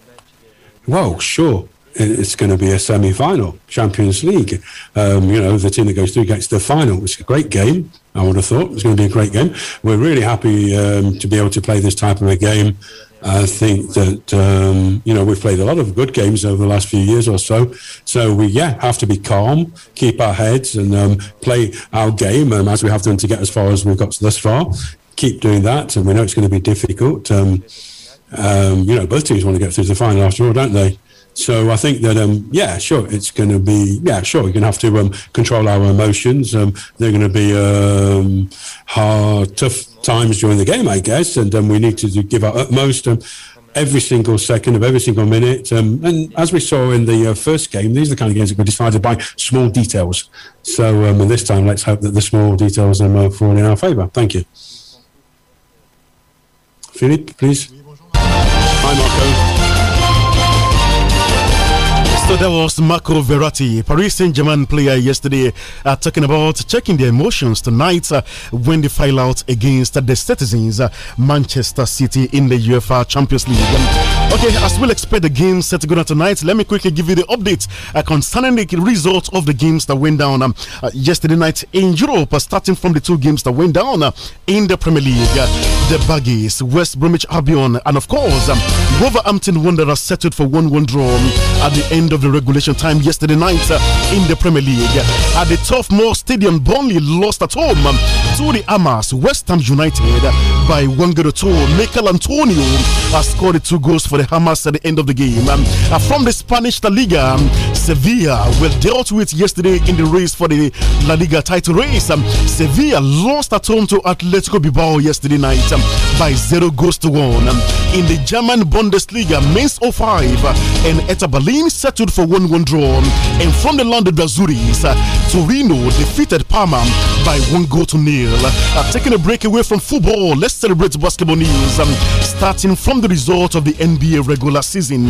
Well, sure. It's going to be a semi-final, Champions League. Um, you know, the team that goes through gets the final. It's a great game. I would have thought. It's going to be a great game. We're really happy um, to be able to play this type of a game. I think that um, you know we've played a lot of good games over the last few years or so. So we yeah have to be calm, keep our heads, and um, play our game um, as we have done to get as far as we've got thus far. Keep doing that, and we know it's going to be difficult. Um, um, you know, both teams want to get through the final after all, don't they? So I think that, um, yeah, sure, it's going to be, yeah, sure, we're going to have to um, control our emotions. Um, they're going to be um, hard, tough times during the game, I guess, and um, we need to give our utmost. Um, every single second of every single minute. Um, and as we saw in the uh, first game, these are the kind of games that were decided by small details. So um, this time, let's hope that the small details um, uh, fall in our favour. Thank you. Philippe, please. Hi, Marco. So that was Marco Verratti, Paris Saint-Germain player yesterday, uh, talking about checking their emotions tonight uh, when they file out against uh, the citizens, uh, Manchester City in the UEFA Champions League. Um, okay, as we'll expect the game set to go down tonight, let me quickly give you the update uh, concerning the results of the games that went down um, uh, yesterday night in Europe, starting from the two games that went down in the Premier League. the Baggies, West Bromwich Albion, and of course, um, Wolverhampton Wanderers settled for 1-1 draw um, at the end of of the regulation time yesterday night uh, in the Premier League. At the Tough Moor Stadium, Burnley lost at home um, to the Amas West Ham United uh, by one goal to two. Mikel Antonio has scored two goals for the Hamas at the end of the game. Um, uh, from the Spanish La Liga, um, Sevilla were dealt with yesterday in the race for the La Liga title race. Sevilla lost at home to Atletico Bilbao yesterday night by zero goals to one. in the German Bundesliga, Mainz 05 and Eta Berlin to for 1 1 drawn. And from the London Brazuris, uh, Torino defeated Parma by 1 goal to nil. Uh, taking a break away from football, let's celebrate basketball news. Um, starting from the result of the NBA regular season.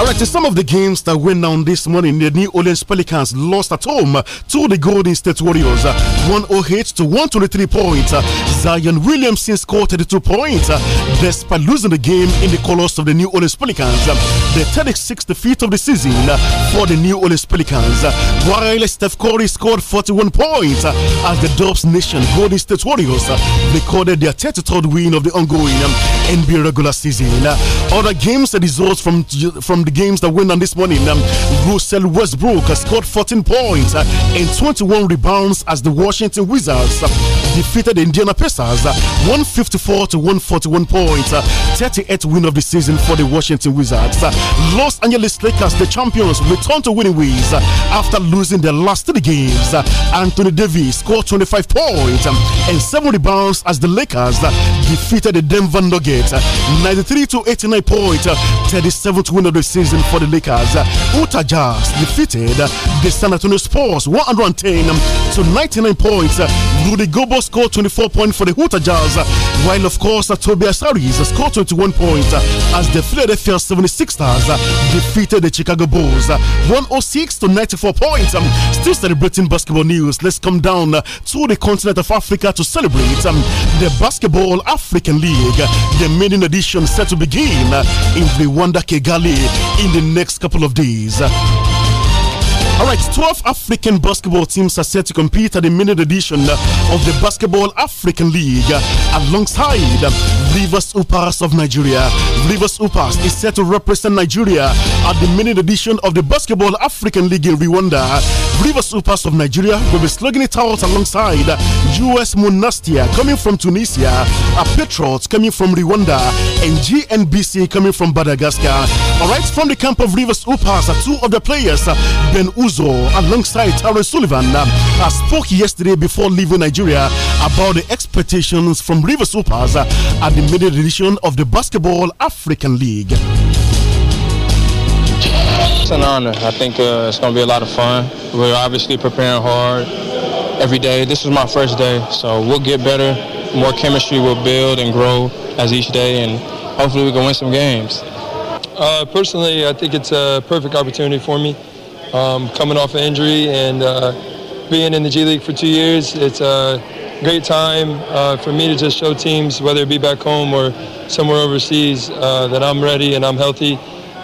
All right, some of the games that went down this morning, the New Orleans Pelicans lost at home to the Golden State Warriors, uh, 108 to 123 points. Uh, Zion Williamson scored 32 points, uh, despite losing the game in the colors of the New Orleans Pelicans. The 36th defeat of the season for the New Orleans Pelicans, while Steph Curry scored 41 points as the Dubs Nation Golden State Warriors recorded their 33rd win of the ongoing um, NBA regular season. Other games results from from the the games that went on this morning. Um, Russell Westbrook has scored 14 points uh, and 21 rebounds as the Washington Wizards uh, defeated the Indiana Pacers uh, 154 to 141 points. 38th win of the season for the Washington Wizards. Los Angeles Lakers, the champions, returned to winning ways after losing their last three games. Anthony Davis scored 25 points um, and 7 rebounds as the Lakers defeated the Denver Nuggets 93 to 89 points. 37th win of the season season for the Lakers. Utah Jazz defeated the San Antonio Spurs 110 to 99 points. Rudy Gobo scored 24 points for the Utah Jazz, while of course Tobias Harris scored 21 points as the Philadelphia 76ers defeated the Chicago Bulls 106 to 94 points. Um, still celebrating basketball news. Let's come down uh, to the continent of Africa to celebrate um, the Basketball African League. The maiden edition set to begin uh, in Rwanda Kigali in the next couple of days. All right, 12 African basketball teams are set to compete at the minute edition of the Basketball African League alongside Rivers Upas of Nigeria. Rivers Upas is set to represent Nigeria at the minute edition of the Basketball African League in Rwanda. Rivers Upas of Nigeria will be slugging it out alongside US Monastia coming from Tunisia, Patriots coming from Rwanda, and GNBC coming from Madagascar. All right, from the camp of Rivers Upas, two of the players, Ben Uz Owuzo alongside Tyrell Sullivan uh, spoke yesterday before leaving Nigeria about the expectations from River Supers uh, at the middle edition of the Basketball African League. It's an honor. I think uh, it's going to be a lot of fun. We're obviously preparing hard every day. This is my first day, so we'll get better. More chemistry will build and grow as each day, and hopefully we can win some games. Uh, personally, I think it's a perfect opportunity for me um, coming off an injury and uh, being in the G League for two years. It's a great time uh, for me to just show teams, whether it be back home or somewhere overseas, uh, that I'm ready and I'm healthy.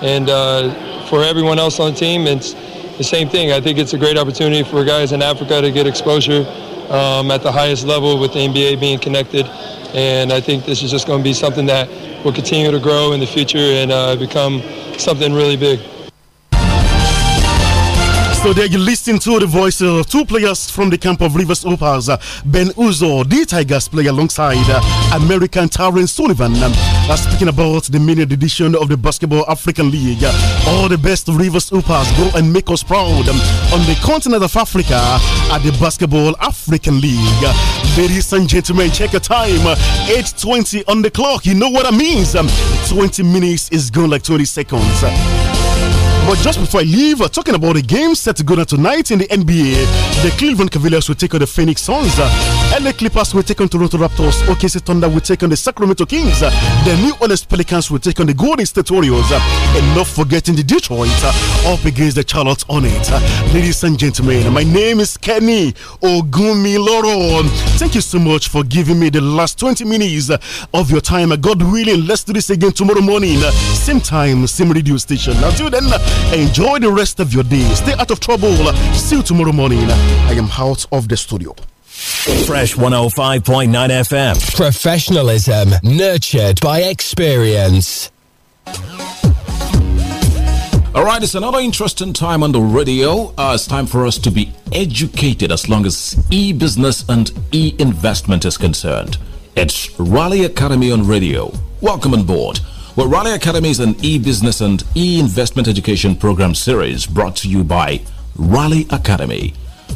And uh, for everyone else on the team, it's the same thing. I think it's a great opportunity for guys in Africa to get exposure um, at the highest level with the NBA being connected. And I think this is just going to be something that will continue to grow in the future and uh, become something really big. So there you listen to the voices of two players from the camp of Rivers Opals, uh, Ben Uzo, the Tigers player alongside uh, American Tyrone Sullivan. Um, uh, speaking about the mini edition of the Basketball African League, uh, all the best Rivers Opals go and make us proud um, on the continent of Africa uh, at the Basketball African League. Uh, ladies and gentlemen, check your time, 8.20 on the clock. You know what that means. Um, 20 minutes is gone like 20 seconds. But just before I leave, uh, talking about the games set to go down tonight in the NBA, the Cleveland Cavaliers will take on the Phoenix Suns. Uh, LA Clippers will take on Toronto Raptors. OKC Thunder will take on the Sacramento Kings. Uh, the New Orleans Pelicans will take on the Golden State Warriors. and uh, not forgetting the Detroit uh, up against the Charlotte on it. Uh, ladies and gentlemen, my name is Kenny Ogumiloro. Thank you so much for giving me the last 20 minutes of your time. God willing, let's do this again tomorrow morning. same time, same radio station. Until then, Enjoy the rest of your day. Stay out of trouble. See you tomorrow morning. I am out of the studio. Fresh 105.9 FM. Professionalism nurtured by experience. All right, it's another interesting time on the radio. Uh, it's time for us to be educated as long as e business and e investment is concerned. It's Raleigh Academy on radio. Welcome on board. Well, Raleigh Academy is an e business and e investment education program series brought to you by Raleigh Academy.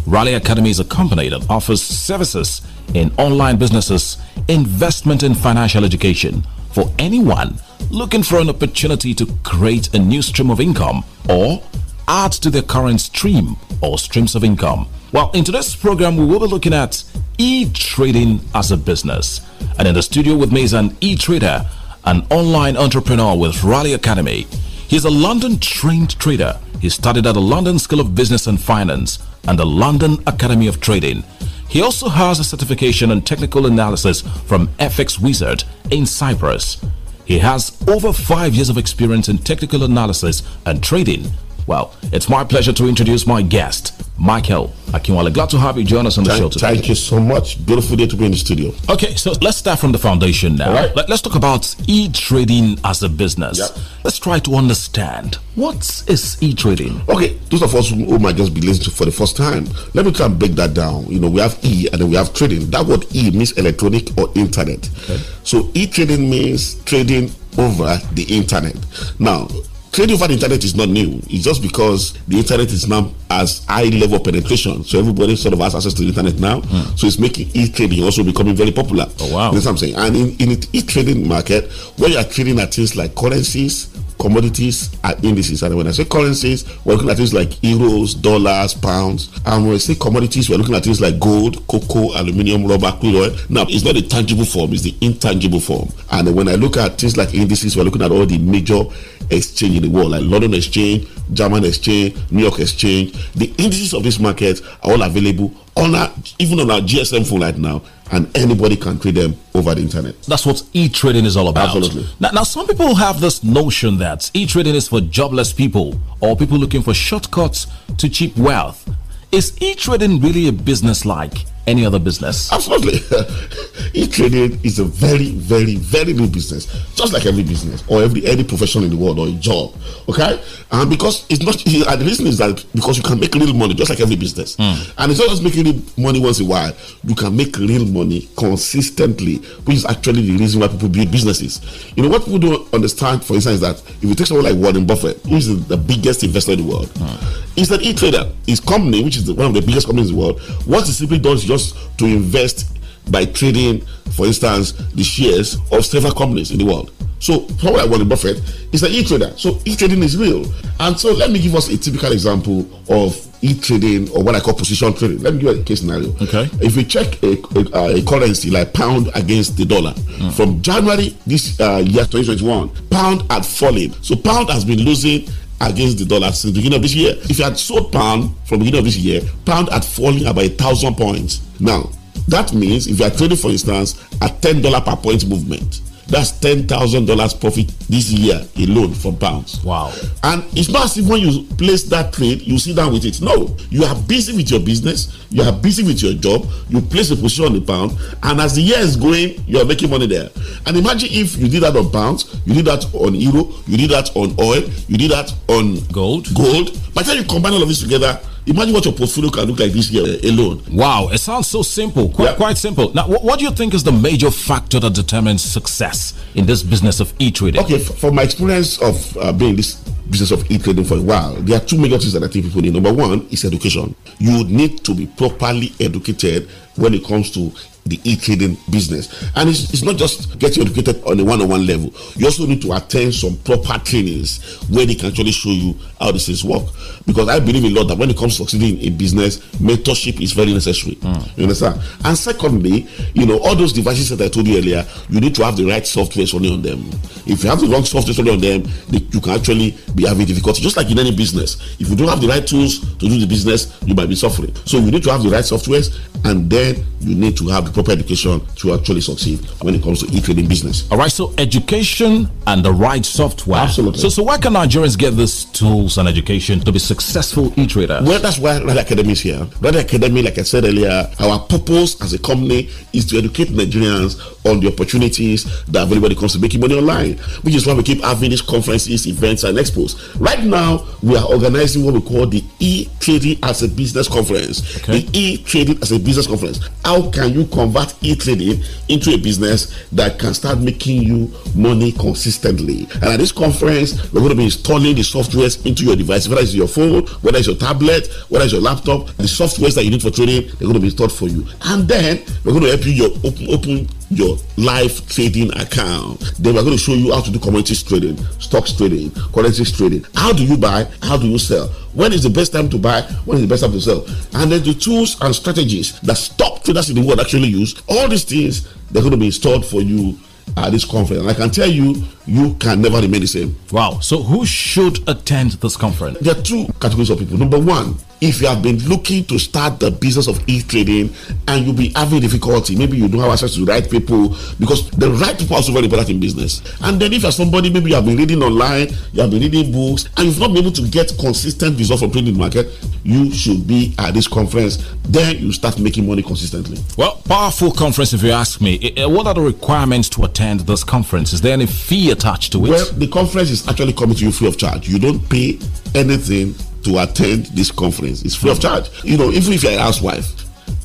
Raleigh Academy is a company that offers services in online businesses, investment, and financial education for anyone looking for an opportunity to create a new stream of income or add to their current stream or streams of income. Well, in today's program, we will be looking at e trading as a business. And in the studio with me is an e trader an online entrepreneur with Raleigh Academy. He's a London trained trader. He studied at the London School of Business and Finance and the London Academy of Trading. He also has a certification in technical analysis from FX Wizard in Cyprus. He has over five years of experience in technical analysis and trading well, it's my pleasure to introduce my guest, Michael Akinwale. Glad to have you join us on the thank, show today. Thank you so much. Beautiful day to be in the studio. Okay, so let's start from the foundation now. Let, us talk about e trading as a business. Yep. Let's try to understand what is e trading. Okay, those of us who might just be listening for the first time, let me try and break that down. You know, we have e and then we have trading. That word e means electronic or internet. Okay. So e trading means trading over the internet. Now, trading over the internet is not new. It's just because the internet is now as high level penetration, so everybody sort of has access to the internet now. Mm. So it's making e-trading also becoming very popular. Oh wow! That's what I'm saying. And in, in e-trading market, where you are trading at things like currencies, commodities and indices. And when I say currencies, we're looking at things like euros, dollars, pounds. And when I say commodities, we're looking at things like gold, cocoa, aluminium, rubber, crude oil. Now, it's not the tangible form, it's the intangible form. And when I look at things like indices, we're looking at all the major exchange in the world, like London Exchange, German Exchange, New York Exchange. The indices of these markets are all available on our, even on our GSM phone right now, and anybody can trade them over the internet. That's what e-trading is all about. Absolutely. Now, now some people have this notion that e-trading is for jobless people or people looking for shortcuts to cheap wealth. Is e-trading really a business like? any other business. Absolutely. e trading is a very, very, very new business, just like every business or every any profession in the world or a job. Okay, and because it's not, and the reason is that because you can make real money just like every business, mm. and it's not just making money once in a while. You can make real money consistently, which is actually the reason why people build businesses. You know what people don't understand, for instance, is that if you take someone like Warren Buffett, who is the biggest investor in the world, mm. Is an e-trader. His company, which is one of the biggest companies in the world, what he simply does is just to invest by trading, for instance, the shares of several companies in the world. So how about Warren Buffett is an e-trader. So e-trading is real. And so let me give us a typical example of e-trading or what I call position trading. Let me give you a case scenario. Okay. If we check a, a, a currency like pound against the dollar, mm. from January this uh, year 2021, pound had fallen. So pound has been losing against the dollar since the beginning of this year. If you had sold pound from the beginning of this year, pound had fallen about a thousand points. Now, that means if you are trading, for instance, at $10 per point movement, that's ten thousand dollars profit this year alone from pounds. Wow! And it's massive when you place that trade. You sit down with it. No, you are busy with your business. You are busy with your job. You place a position on the pound, and as the year is going, you are making money there. And imagine if you did that on pounds, you did that on euro, you did that on oil, you did that on gold. Gold. By the time you combine all of this together, Imagine what your portfolio can look like this year alone. Wow, it sounds so simple. Quite, yeah. quite simple. Now, what, what do you think is the major factor that determines success in this business of e trading? Okay, from my experience of uh, being this business of e trading for a while, there are two major things that I think people need. Number one is education. You need to be properly educated when it comes to the e-trading business. And it's, it's, not just getting educated on a one-on-one level. You also need to attend some proper trainings where they can actually show you how this is work. Because I believe a lot that when it comes to succeeding in business, mentorship is very necessary. Mm. You understand? And secondly, you know, all those devices that I told you earlier, you need to have the right software only on them. If you have the wrong software only on them, they, you can actually be having difficulty. Just like in any business, if you don't have the right tools to do the business, you might be suffering. So you need to have the right softwares, and then you need to have the proper education to actually succeed when it comes to e-trading business. All right, so education and the right software. Absolutely. So, so why can Nigerians get these tools and education to be successful e-traders? Well, that's why Red Academy is here. Red Academy, like I said earlier, our purpose as a company is to educate Nigerians on the opportunities that everybody comes to making money online, which is why we keep having these conferences, events, and expos. Right now, we are organizing what we call the e-trading as a business conference. Okay. The e-trading as a business conference. How can you convert e-trading into a business that can start making you money consistently. And at this conference, we're going to be installing the softwares into your device, whether it's your phone, whether it's your tablet, whether it's your laptop, the softwares that you need for trading, they're going to be installed for you. And then we're going to help you your open, open your live trading account. Then we're going to show you how to do commodities trading, stocks trading, currencies trading. How do you buy? How do you sell? When is the best time to buy? When is the best time to sell? And then the tools and strategies that stock traders in the world actually use. All these things they're going to be installed for you at this conference. And I can tell you, you can never remain the same. Wow. So, who should attend this conference? There are two categories of people. Number one, if you have been looking to start the business of e-trading and you'll be having difficulty, maybe you don't have access to the right people because the right people are so very important in business. And then if you're somebody, maybe you have been reading online, you have been reading books, and you've not been able to get consistent results from trading market, you should be at this conference. Then you start making money consistently. Well, powerful conference if you ask me. What are the requirements to attend this conference? Is there any fee attached to it? Well, the conference is actually coming to you free of charge. You don't pay anything to attend this conference. It's free of charge. You know, even if you're a housewife,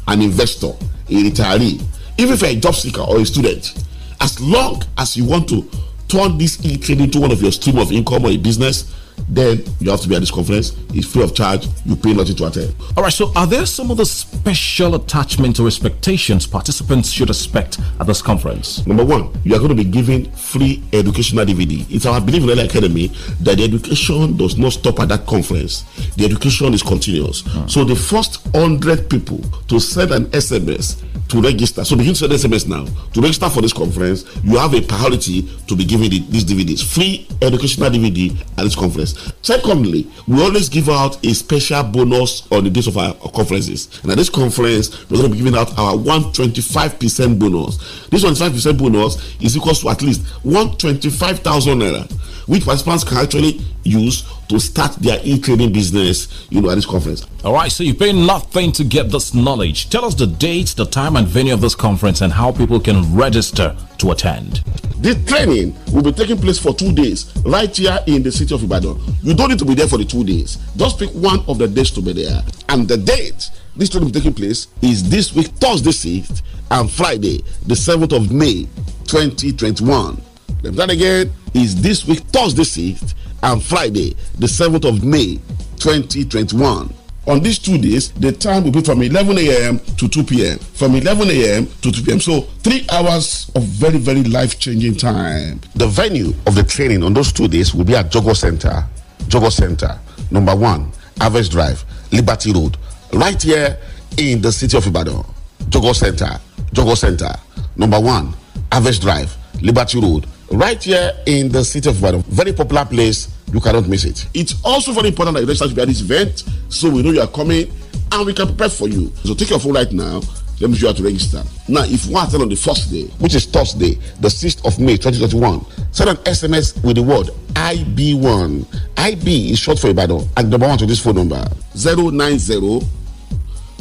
an investor, a retiree, even if you're a job seeker or a student, as long as you want to turn this e-trade into one of your stream of income or a business, then you have to be at this conference. It's free of charge. You pay nothing to attend. All right. So, are there some of the special attachments or expectations participants should expect at this conference? Number one, you are going to be given free educational DVD. It's our belief in the Academy that the education does not stop at that conference. The education is continuous. Mm. So, the first hundred people to send an SMS to register. So begin to send SMS now. To register for this conference, you have a priority to be given the, these DVDs, free educational DVD at this conference. Secondly, we always give out a special bonus on the days of our, our conferences. And at this conference, we're going to be giving out our 125% bonus. This 125% bonus is equal to at least 125,000 naira, which participants can actually use to start their e-trading business, you know, at this conference. All right, so you pay nothing to get this knowledge. Tell us the date, the time, and venue of this conference, and how people can register to attend. This training will be taking place for two days, right here in the city of Ibadan. You don't need to be there for the two days. Just pick one of the days to be there, and the date this training taking place is this week, Thursday 6th, and Friday, the 7th of May, 2021. Let me that again. Is this week, Thursday 6th and Friday, the 7th of May 2021. On these two days, the time will be from 11 a.m. to 2 p.m. From 11 a.m. to 2 p.m. So, three hours of very, very life changing time. The venue of the training on those two days will be at Jogo Center. Jogo Center, number one, Average Drive, Liberty Road, right here in the city of Ibadan. Jogo Center, Jogo Center, number one, Average Drive, Liberty Road, right here in the city of Ibadan. Very popular place you cannot miss it. It's also very important that you register to be at this event so we know you are coming and we can prepare for you. So take your phone right now. Let me show you how to register. Now, if you attend on the first day, which is Thursday, the 6th of May 2021, send an SMS with the word IB1. IB is short for Ibadan. And number one to this phone number 090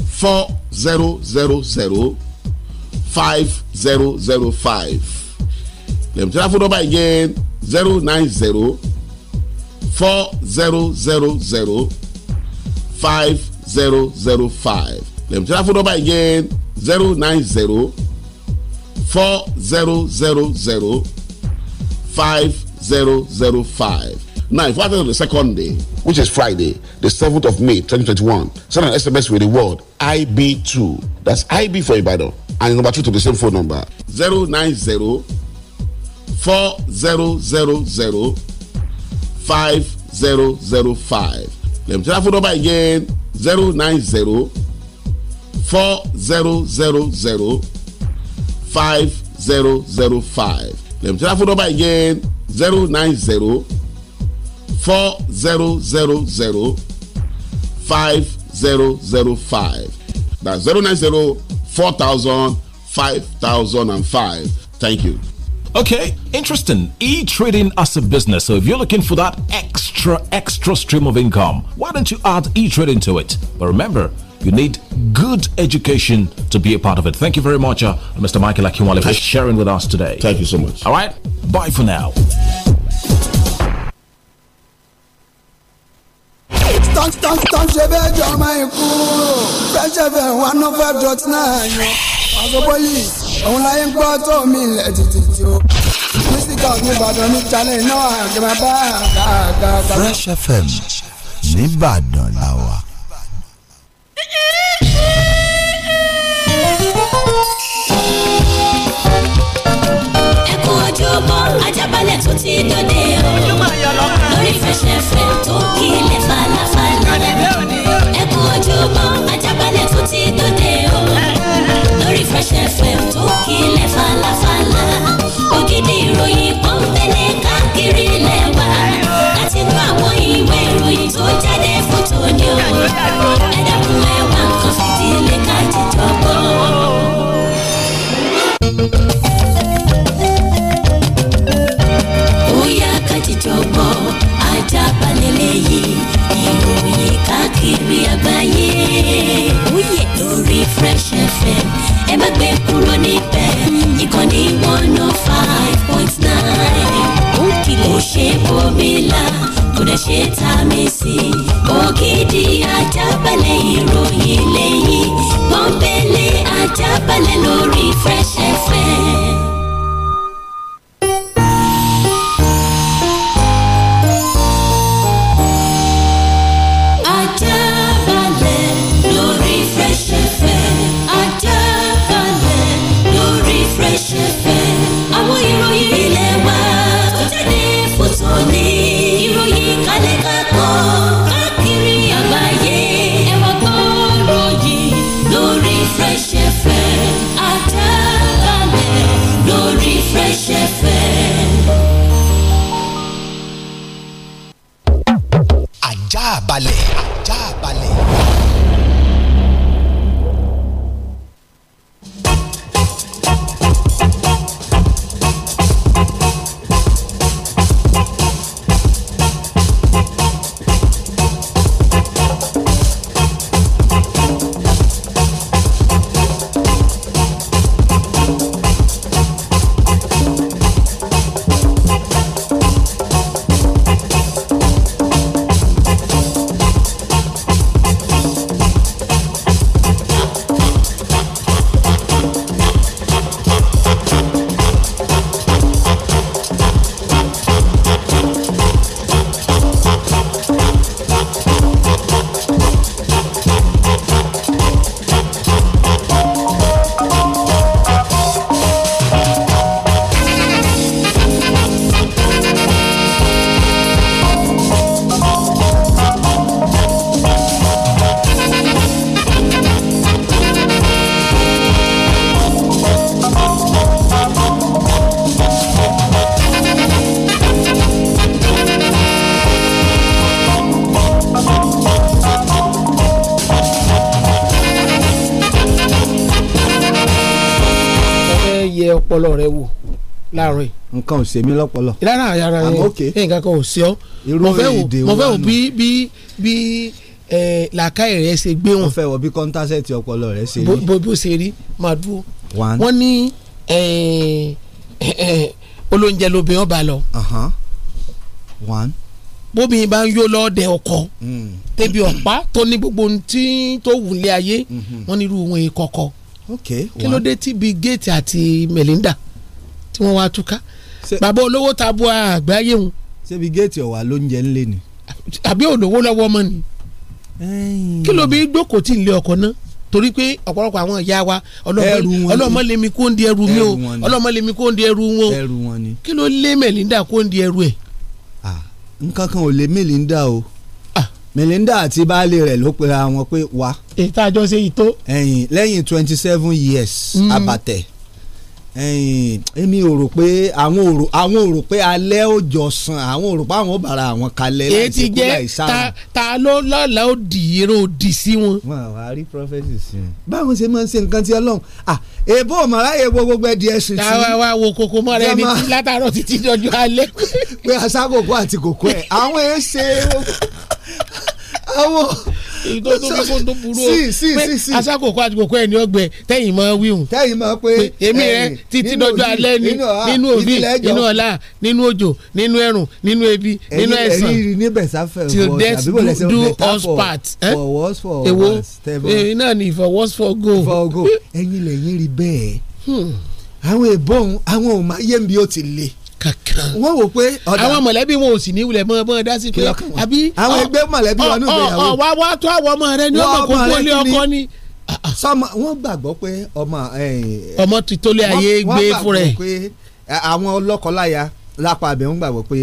4000 5005. Let me tell that phone number again 090 four zero zero zero five zero zero five let me tell that phone number again zero nine zero four zero zero zero five zero zero five. Now, if I tell the second day, which is Friday, the seventh of May twenty twenty-one, send an SMS with the word ib two. That's IB for Ibadan. And number two to the same phone number Zero zero zero nine four zero zero five zero zero five let me tell that phone again zero nine zero four zero zero zero five zero zero five let me tell that phone again zero nine zero four zero zero zero five zero zero five that's zero nine zero four thousand five thousand and five thank you. Okay, interesting. E trading as a business. So if you're looking for that extra, extra stream of income, why don't you add e trading to it? But remember, you need good education to be a part of it. Thank you very much, uh, Mr. Michael Akinwale, for sharing with us today. Thank you so much. All right, bye for now. fresh pàṣẹ pọ́lì òun láyé gbọ́ tó mi títí ó. mísíkà ní ìbàdàn ní jalè náà àgbà bá àgbà. Fresh FM nìbàdàn ẹkún ojúbọ ajábalẹ̀ ti dòde o lórí Fresh FM tó falafala ẹkún ojúbọ ajábalẹ̀ ti dòde. Fresh FM tó kílẹ̀ falafala ògidì ìròyìn kan fẹ́lẹ̀ káàkiri lẹ́wà láti nú àwọn ìwé ìròyìn tó jáde fún tòní o ẹ̀dẹ́kun ẹ̀wà nǹkan fìdílé ká jíjọ gbọ́. Bóyá ká jíjọ ajá balẹ̀ lẹ́yìn ìròyìn káàkiri àgbáyé yẹ. lórí Fresh FM ẹ má gbé kúrò níbẹ̀ ìkànnì one oh five point nine. ó kìlẹ̀ kò ṣe bomi la kò dẹ̀ ṣe ta mi sí. ògidì ajábalẹ̀ ìròyìn lẹ́yìn pọ́npẹ́lẹ́ ajábalẹ̀ lórí Fresh FM. nǹkan ò sèmi lọpọlọ. rárá yàrá yẹn nǹkan kan ò sí ọ mo fẹ́ wò mo fẹ́ wò bí bí bí làákàyè rẹ ṣe gbé wọn. mo fẹ́ wò bí kọ́ńtàṣẹ́ẹ̀tì ọpọlọ rẹ ṣe rí. bó bó ṣe rí máa dúró. wọ́n ní olóúnjẹ lóbìn ọba lọ. one bóbìnrin bá ń yó lọ́ọ̀dẹ ọkọ hmm. tẹbi ọ̀pá tó ní gbogbo tí tó wùlé ayé mhm. wọn ní irú wọn kọkọ kí ló dé tí Bill Gates àti Melinda tí wọ́n wá túká bàbá olówó ta bu àgbáyé wọn. ṣébi géètì ọ̀wà ló ń jẹ ń lé ni. àbí òdòwó lọ́wọ́ ọmọ ni. kí ló bí gbòkó tí ń lé ọkọ̀ náà torí pé ọ̀pọ̀lọpọ̀ àwọn ìyá wa ọlọ́mọ lèmi kó ń di ẹrù mi o ọlọ́mọ lèmi kó ń di ẹrù wọn o kí ló lé Melinda kó ń di ẹrù ẹ̀. nǹkan kan ò lè Melinda o Melinda àti baálé rẹ̀ ló pera wọn pé wá. ètò àjọṣe yìí tó. ẹ̀yìn lẹ́yìn twenty seven years abatẹ. Mm èmi ò rò pé àwọn ò rò àwọn ò rò pé alẹ́ ò jọ sàn àwọn ò rò pé àwọn ò bára àwọn kalẹ̀ láìsí kó láìsá wọn. ta ta ló lọ́la ó dì irun ó dì sí wọn. wọn àwọn àrí prọfẹsì sí i. báwọn ṣe máa ń ṣe nǹkan tí ọlọ́run à èbó ọ̀mọ̀ra èbó gbogbo ẹ̀dí ẹ̀sìn sí. táwa wa wo kòkó mọ́ra ẹni tí látàárọ̀ títí dọjú alẹ́. pé aṣá kòkó àti kòkó ẹ̀ àwọn ẹ̀ ṣe àwọn tó tó fi kó tó burú o pé asakoko àtikoko ẹni ọgbẹ tẹ̀yin mọ wíhùn tẹ̀yin mọ pé èmi rẹ títí dọjọ́ alẹ́ ni nínú ah, òbí nínú ọlá nínú òjò nínú ẹ̀rùn nínú ebi nínú ẹ̀san till death do, do us part ewo eh? eh, náà ni for worse for go. ẹ̀yin lẹ́yìn rí bẹ́ẹ̀ hmm. àwọn ìbọn àwọn ò máa yé mi bí ó ti le kankan. wọ́n wò pé ọ̀dà àwọn mọ̀lẹ́bí wọn ò sì ní wulẹ̀ mọ́ ọmọ dá sí pé àbí àwọn ẹgbẹ́ mọ̀lẹ́bí wọn ní ìgbéyàwó. wá wá tó àwọn ọmọ rẹ ní ọmọ kókó lé ọkọ ni. sọmọ wọn gbàgbọ́ pé ọmọ. ọmọ titoli ayé gbé fún rẹ. àwọn ọlọ́kọláya lápá abẹ wọn gbàgbọ́ pé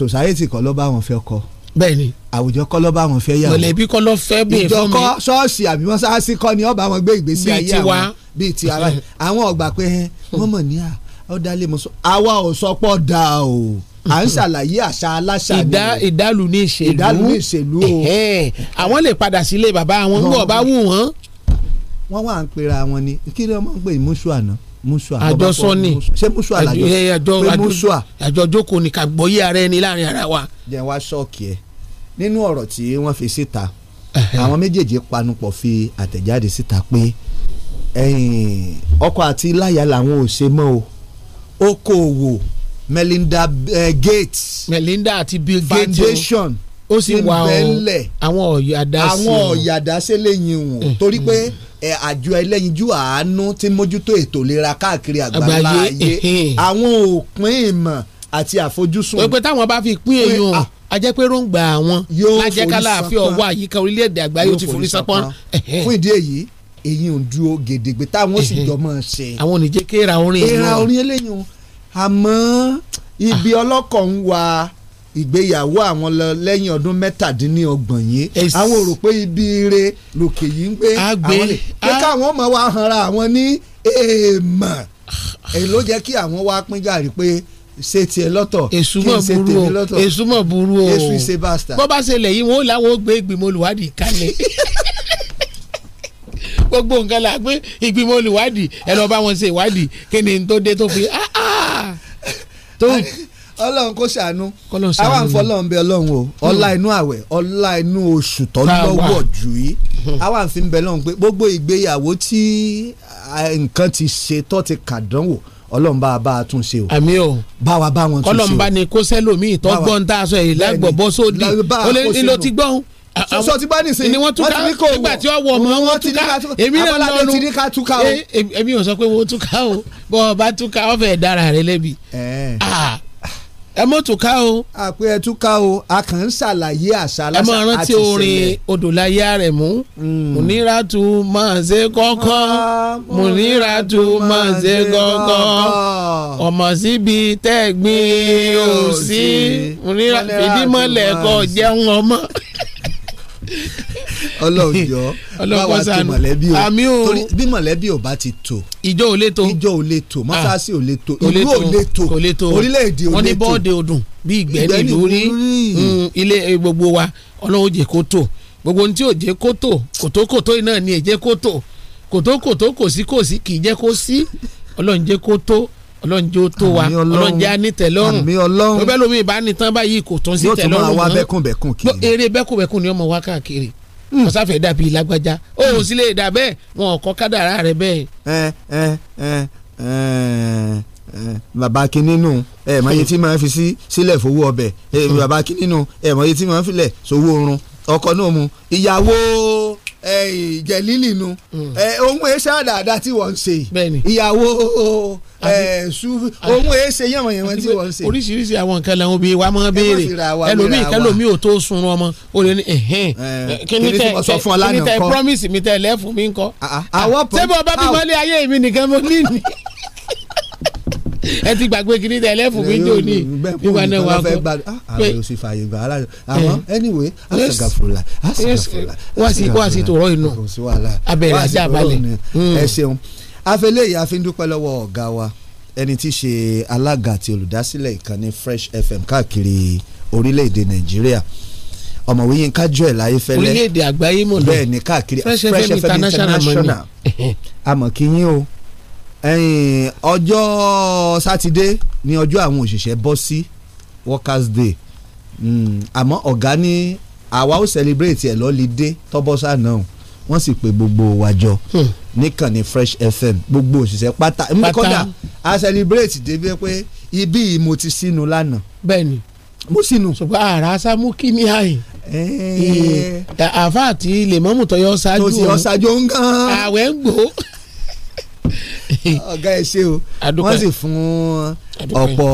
society kọ́ ló bá wọn fẹ́ kọ́ bẹ́ẹ̀ni àwùjọ kọ́ ló bá wọn fẹ́ yàwó mọ̀lẹ́bí kọ́ ló fẹ́ bẹ́ẹ̀ fún mi ìjọkọ ṣọ́ọ̀ṣì àbí mọ́ṣáláṣí kọ́ ni ó bá wọn gbé ìgbésí ayé àwọn bíi tiwa bíi tiwa àwọn ọgbà pé wọn mọ ní à ó dá lé mo sọ àwa ò sọ pọ̀ da o à ń ṣàlàyé àṣà aláṣà ni ìdálù ní ìṣèlú ìdálù ní ìṣèlú o àwọn lè padà sílé bàbá wọn ń bọ̀ bá wù wọ́n. wọ́n wà ń pera wọn ni kí ni wọ́n máa ń pè mùsùà náà mùsùà àjọsọ ni ṣé mùsùà làjọ pé mùsùà. àjọ jókòó ni kàgbọ́yé ara ẹni láàrin ara wa. jẹ́ wá ṣọ́ọ̀kì ẹ̀ nínú ọ̀rọ̀ tí wọ́n fi síta àwọn méjèèjì panupọ̀ fi àtẹ̀jáde síta pé ọkọ àti láyà làwọn ò ṣe mọ́ o okòòwò Melinda uh, Gates Melinda àti Bill Gates foundation ó sì wà ó àwọn ọ̀yàdá sí àwọn ọ̀yàdá sí lẹ́yìn wọn eh, torí pé hmm. eh, àjọ ẹlẹ́yinjú àánú tí mójútó ètò ìlera káàkiri àgbáńlá ayé àwọn òpin ìmọ̀ àti àfojúsùn. pé táwọn bá fi pín èèyàn ah, a jẹ́ pé róńgbà àwọn lájẹ́ká láàfin ọwọ́ àyíká orílẹ̀-èdè àgbáyé ó forí sápọ́n. fún ìdí èyí èyí ń dúró gèdègbè táwọn sì jọ máa ṣe. àwọn ò ní jẹ́ kí era orin yìí. era orin eléyìí o àmọ́ ibi ah. ọlọ́kọ̀ ń wa ìgbéyàwó àwọn lọ lẹ́yìn ọdún mẹ́tàdínlọ́gbọ̀n yìí àwọn rò pé ibi ire lòkè yìí ń gbé àwọn lè pé ah. káwọn ọmọ wa hanra àwọn ní èèmọ̀ ah. èyí ló jẹ́ kí àwọn wa pín jàre pé ṣe tiẹ̀ lọ́tọ̀ kí n ṣe tèmi lọ́tọ̀ èsùmọ̀ burú o èsù ìṣe bàstà bọ́ bá ṣe lẹ̀ yìí wọn ò ó gbé ìgbìmọ̀ olùwádìí kalẹ̀ gbogbo nǹkan la pé ìgbìmọ̀ olùwádìí ẹ lọ bá wọn ṣe ìwádìí kí ni tó dé tó fi ah, ah. tó. ọlọ́run kò ṣàánú àwọn àǹfọlọ́run bẹ ọlọ́run o ọlá inú àwẹ̀ ọlá inú oṣù tó lọ́wọ́ jù yìí àwọn àǹfin bẹ lọ́run pé gbogbo ìgbéyàwó tí nǹkan ti ṣe tó ti kàdánwò ọlọ́run bá a bá a tún ṣe o. àmì o bá wa bá wọn tún ṣe o. ọlọ́run bá ní kó sẹ́lòmíì tó gbọ́n tá a sọ yìí lágbọ̀bọ́ sódì ó lè ní ló ti gbọ́n sọ ti bá nìsín ni wọ́n tún ká nígbà tí ọwọ́ ọmọ wọn tún èmi náà lọ́nu ti èmi ò sọ pé wọ́n tún o bọ́ ọ bá tún dára rẹ lẹ́bi ẹ mọ̀ tún o. àpé ẹ tún o a kàn ń ṣàlàyé àṣà àti ìṣẹ̀lẹ̀. ẹ máa rántí orin odòláyé Àrẹ̀mú. Múníràtù máa ṣe kọ́kọ́ Múníràtù máa ṣe kọ́kọ́ ọmọ síbi tẹ́gbìn ò sí Múníràtù fìdí mọ́lẹ̀ kọ́ jẹun ọmọ. ọlọ́run jọ báwa tó mọ̀lẹ́bí o torí bí mọ̀lẹ́bí o bá ti tò ìjọ ò létò ìjọ ò ah. mọ́sáàsì ò ìlú ò létò orílẹ̀-èdè ọdún bí ìgbẹ́ mm, ilé eh, gbogbo wa ọlọ́run jẹ́ kó gbogbo ní tí ò jẹ́ kó kòtókòtó ni ọlọ́run jẹ́ tó wa ọlọ́run jẹ́ á ní tẹ̀lọ́rùn àmì ọlọ́run ló bẹ́ẹ̀ lómi ìbá ní tán báyìí kò tún sí tẹ̀lọ́rùn mọ́ yóò kiri. eré bẹ́kùnbẹ́kùn ni ọmọ wa káàkiri hmm. wọ́n sáfẹ́ dàbí lágbájá ó ò hmm. sí lè dà bẹ́ẹ̀ wọn ò kọ́ kádàrá rẹ bẹ́ẹ̀. ẹ ẹ ẹ ẹ bàbá kinínú ẹ mọ iye tí màá fi sí sílẹ̀ fowó ọbẹ̀ hmm. bàbá kinínú ẹ mọ tí màá filẹ̀ sówó oorun ọkọ náà mu ìyàwó jẹ̀lílì nu hmm. ohun èsè àdàdà tí wọ́n ń ṣe ìyàwó sufi ohun èsè yànwọ̀nyànwọ̀ tí wọ́n ń ṣe. oríṣiríṣi àwọn nǹkan làwọn obìnrin wa máa ń béèrè ẹlòmíì kẹlòmíì ò tó sun ọmọ o lè ní kíní tẹ kíní tẹ promise mi tẹ lẹ́fun mi ń kọ́. àwọ̀ pọ̀ sẹ́bọ̀ bá bí wọ́n lé ayé mi nìkan mo ní ni. ẹ ti gbàgbé kiri tẹ ẹlẹ́fù mi jò ní ìwà náà wà kọ́. àwọn yóò sì fààyè gbà aláàjọ àwọn eh, anyway àṣàgà fúnra àṣàgà fúnra. wá sí tòrọ inú abẹ́rẹ́ ajá balẹ̀. Hmm. ẹ ṣeun afẹ́lẹ́yìí a lọ́wọ́ ọ̀gá wa ẹni tí í ṣe alága àti olùdásílẹ̀ ìkànnì Fresh FM káàkiri orílẹ̀-èdè Nàìjíríà ọ̀mọ̀wé yín ká jọ ẹ̀ láyé fẹ́lẹ́ orílẹ̀ àgbáyé mọ̀ lọ bẹ́ẹ̀ ni káàkiri Fresh FM International amọ̀ kí yín o ọjọ́ sátidé ni ọjọ́ àwọn òṣìṣẹ́ bọ́ sí workers day hmm, àmọ́ ọ̀gá ní àwa ó celebrate ẹ̀ lọ́lídé tọ́bọ́sà náà wọ́n sì pè gbogbo wa jọ hmm. níkànnì fresh fm gbogbo òṣìṣẹ́ pátá kódà a celebrate débi pé ibi yìí mo ti sínú lánàá. bẹ́ẹ̀ni mo sínú. ṣùgbọ́n àrà sámú kí ni àyè àfa àti lèmọ́mù tó yọ ṣáájú òun àwẹ̀ ń gbò. ọ̀gá ẹ ṣé o wọ́n sì fún ọ̀pọ̀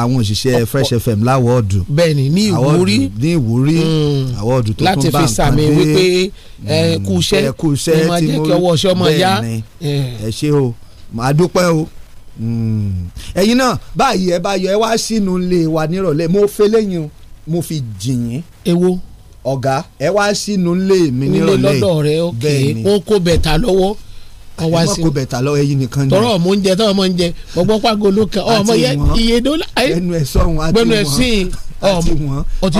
àwọn òṣìṣẹ́ Fresh FM láwọ́ọ̀dù bẹ́ẹ̀ni ní ìwúrí ní ìwúrí hmm. àwọ́ọ̀dù tó tún bá nǹkan dé láti fi sàmì wípé ẹ hmm. kú iṣẹ́ ẹ kú iṣẹ́ tí mo jẹ́ kí ọwọ́ ọṣẹ́ hmm. ẹ ṣé o màá dúpẹ́ o ẹ̀yin náà báyìí ẹ bá yọ ẹ wá sínú ilé wa nírọ̀lẹ́ mo fẹ́ lẹ́yìn mo fi jìyìn. ewo ọ̀gá ẹ wá sínú ilé mi nírọ̀lẹ́ yìí nílé ok wọn kó bẹ̀ta lọ́wọ́ kan wá sí. ẹ mọ kó bẹ̀tà lọ ẹyin nìkan ni. tọrọ ọmọ oúnjẹ tọrọ ọmọ oúnjẹ gbọgbọ pàgọ olókan ọmọ yẹ iye dọ́là. ẹnu ẹ sọrun àti wọn gbẹnu ẹ sìn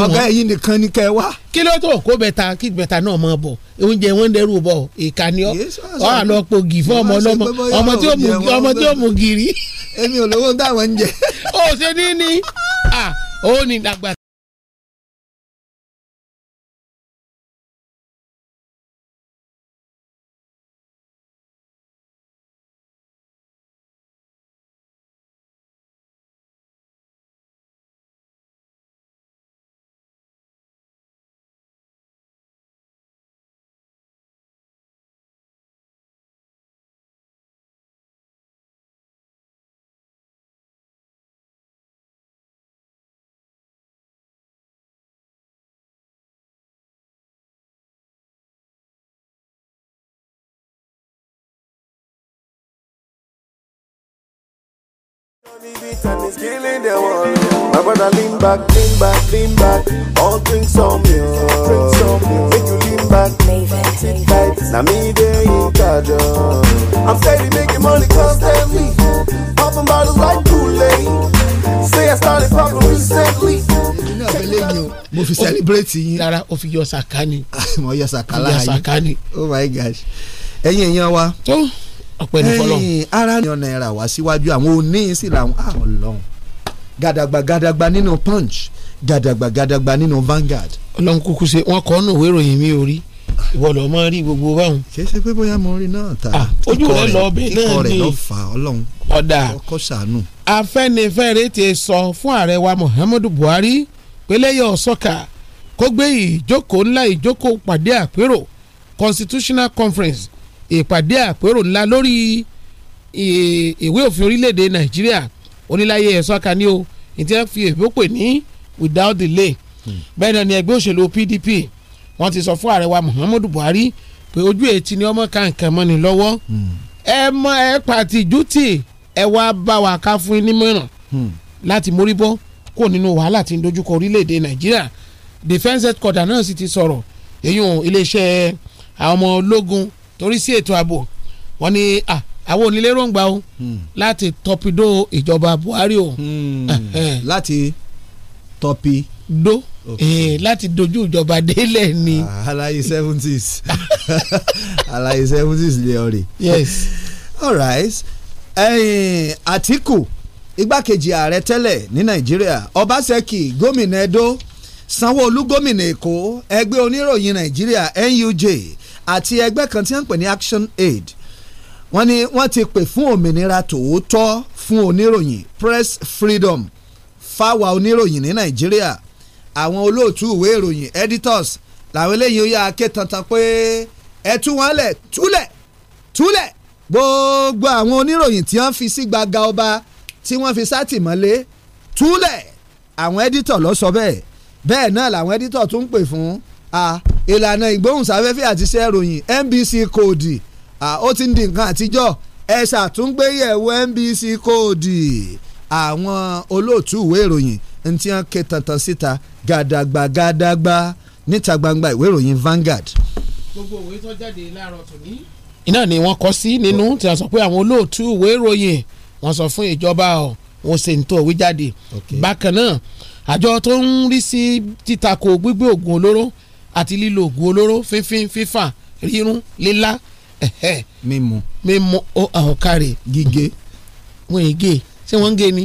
ọgá ẹyin nìkan ni kẹ wá. kí ló tó kó bẹ̀tà kí bẹ̀tà náà mọ bọ oúnjẹ wọn dẹrù bọ ìkànnì ọ àlọ pògì fún ọmọ ọlọmọ ọmọ tí ó mú gírí. èmi ò lówó dáwọn oúnjẹ. ó ṣe ní ní ó ní dàgbà My brother lean back, lean back, lean back. All drinks on me, oh. drinks on me. Make you lean back, sit tight. Now me there in charge. Oh. I'm steady making money constantly. Popping bottles like Kool-Aid. Say I started popping recently. Oh. mo fi celebrate yín rárá o fi yọ sàkání. mo yọ sàkání. o fi yọ oh my gosh ẹ̀yin èèyàn wa ọpẹ́ ní fọlọ́n. ara ni ọ̀nà ẹ̀rà wá síwájú àwọn òní sí làwọn ah, ọlọ́run gàdàgbà gàdàgbà nínú punch gàdàgbà gàdàgbà nínú Vanguard. ọlọ́run kúkú ṣe wọ́n kọ́ ọ́nà òwe ìròyìn mi ò rí ìwọ lọ mọ rí gbogbo báwọn. kì í ṣe pé bóyá mo rí náà ta ah, ojú rẹ lọ bẹ náà ni ọ̀dà ọkọ̀ ti sọ fún ààrẹ wa Muhammadu Buhari pé lẹ́yìn ọ̀sọ́kà kó gbé ìjókòó ńlá ìjókòó pàdé àpérò Constitutional Conference ìpàdé àpérò ńlá lórí ìwé òfin orílẹ̀-èdè nàìjíríà oníláyé ẹ̀sọ́ kan ní o ìtẹ́ fi èbó pè ní without delay hmm. bẹ́ẹ̀ náà ni ẹgbẹ́ òṣèlú PDP wọ́n ti sọ fún ààrẹ wa Muhammadu Buhari pé ojú ètí ni ọmọ kankan mọ́ni lọ́wọ́ hmm. ẹ mọ ẹ pàtì jútì ẹ wá bá wa ká fún yín nímọ̀ràn hmm. láti mórí bọ́ kó nínú wàhálà tí ń dojúkọ orílẹ̀-èdè nàìjíríà defence headquarter náà sì ti sọ̀rọ̀ èyí ò iléeṣẹ́ àwọn ọmọ ológun torí sí ètò ààbò wọn ni àwọn onílérògbà o hmm. láti tọpidó ìjọba Buhari o. Hmm. Eh, eh. láti tọpidó eh, láti dojú ìjọba délẹ̀ ni. Ah, alaye seventies alaye seventies lè ọ̀rẹ́. yes. all right. Hey, Àtìkù igbákejì ààrẹ tẹ́lẹ̀ ní Nàìjíríà Ọbaṣẹ́kì gómìnà Ẹdó Sanwó-Olú gómìnà Èkó ẹgbẹ́ oníròyìn Nàìjíríà NUJ àti ẹgbẹ́ kan tí wọ́n ń pè ní Action Aid wọ́n ní wọ́n ti pè fún òmìnira tòótọ́ fún oníròyìn press freedom fáwa oníròyìn ní Nàìjíríà àwọn olóòtú ìwé ìròyìn editors làwọn eléyìí ó yá aké tantan pé ẹ tú wọn lẹ̀ túlẹ̀ túlẹ̀ gbogbo àwọn oníròyìn tí wọ́n fi sí gbàgà ọba tí wọ́n fi sátìmọ́lé túlẹ̀ àwọn editor ló sọ bẹ́ẹ̀ bẹ́ẹ̀ náà làwọn editor tún ń pè fún ìlànà ìgbóhùnsáfẹ́fẹ́ àti iṣẹ́ ìròyìn NBC kóòdì ó ti ń di nǹkan àtijọ́ ẹ ṣàtúngbéyẹ̀wò NBC kóòdì àwọn olóòtú ìwé ìròyìn ní tí wọ́n ké tantan síta gàdàgbà gàdàgbà níta gbangba ìwé ìròyìn Vanguard. gbogbo òwe tó jáde láàárọ̀ tòní. iná ni wọ́n kọ sí nínú tí a sọ pé àwọn olóòtú ìwé ìròyìn wọ́n sọ fún ìjọba ọ̀ wọ́n ṣe ń tó òwe jáde. bákan náà àjọ tó ń rí sí títakò gbígbé òògùn olóró àti lílo oògùn olóró fínfín fífà rírun lílá mímu mímu ó àwọn káre gígé wọn è gé ṣé wọn ń gé ni.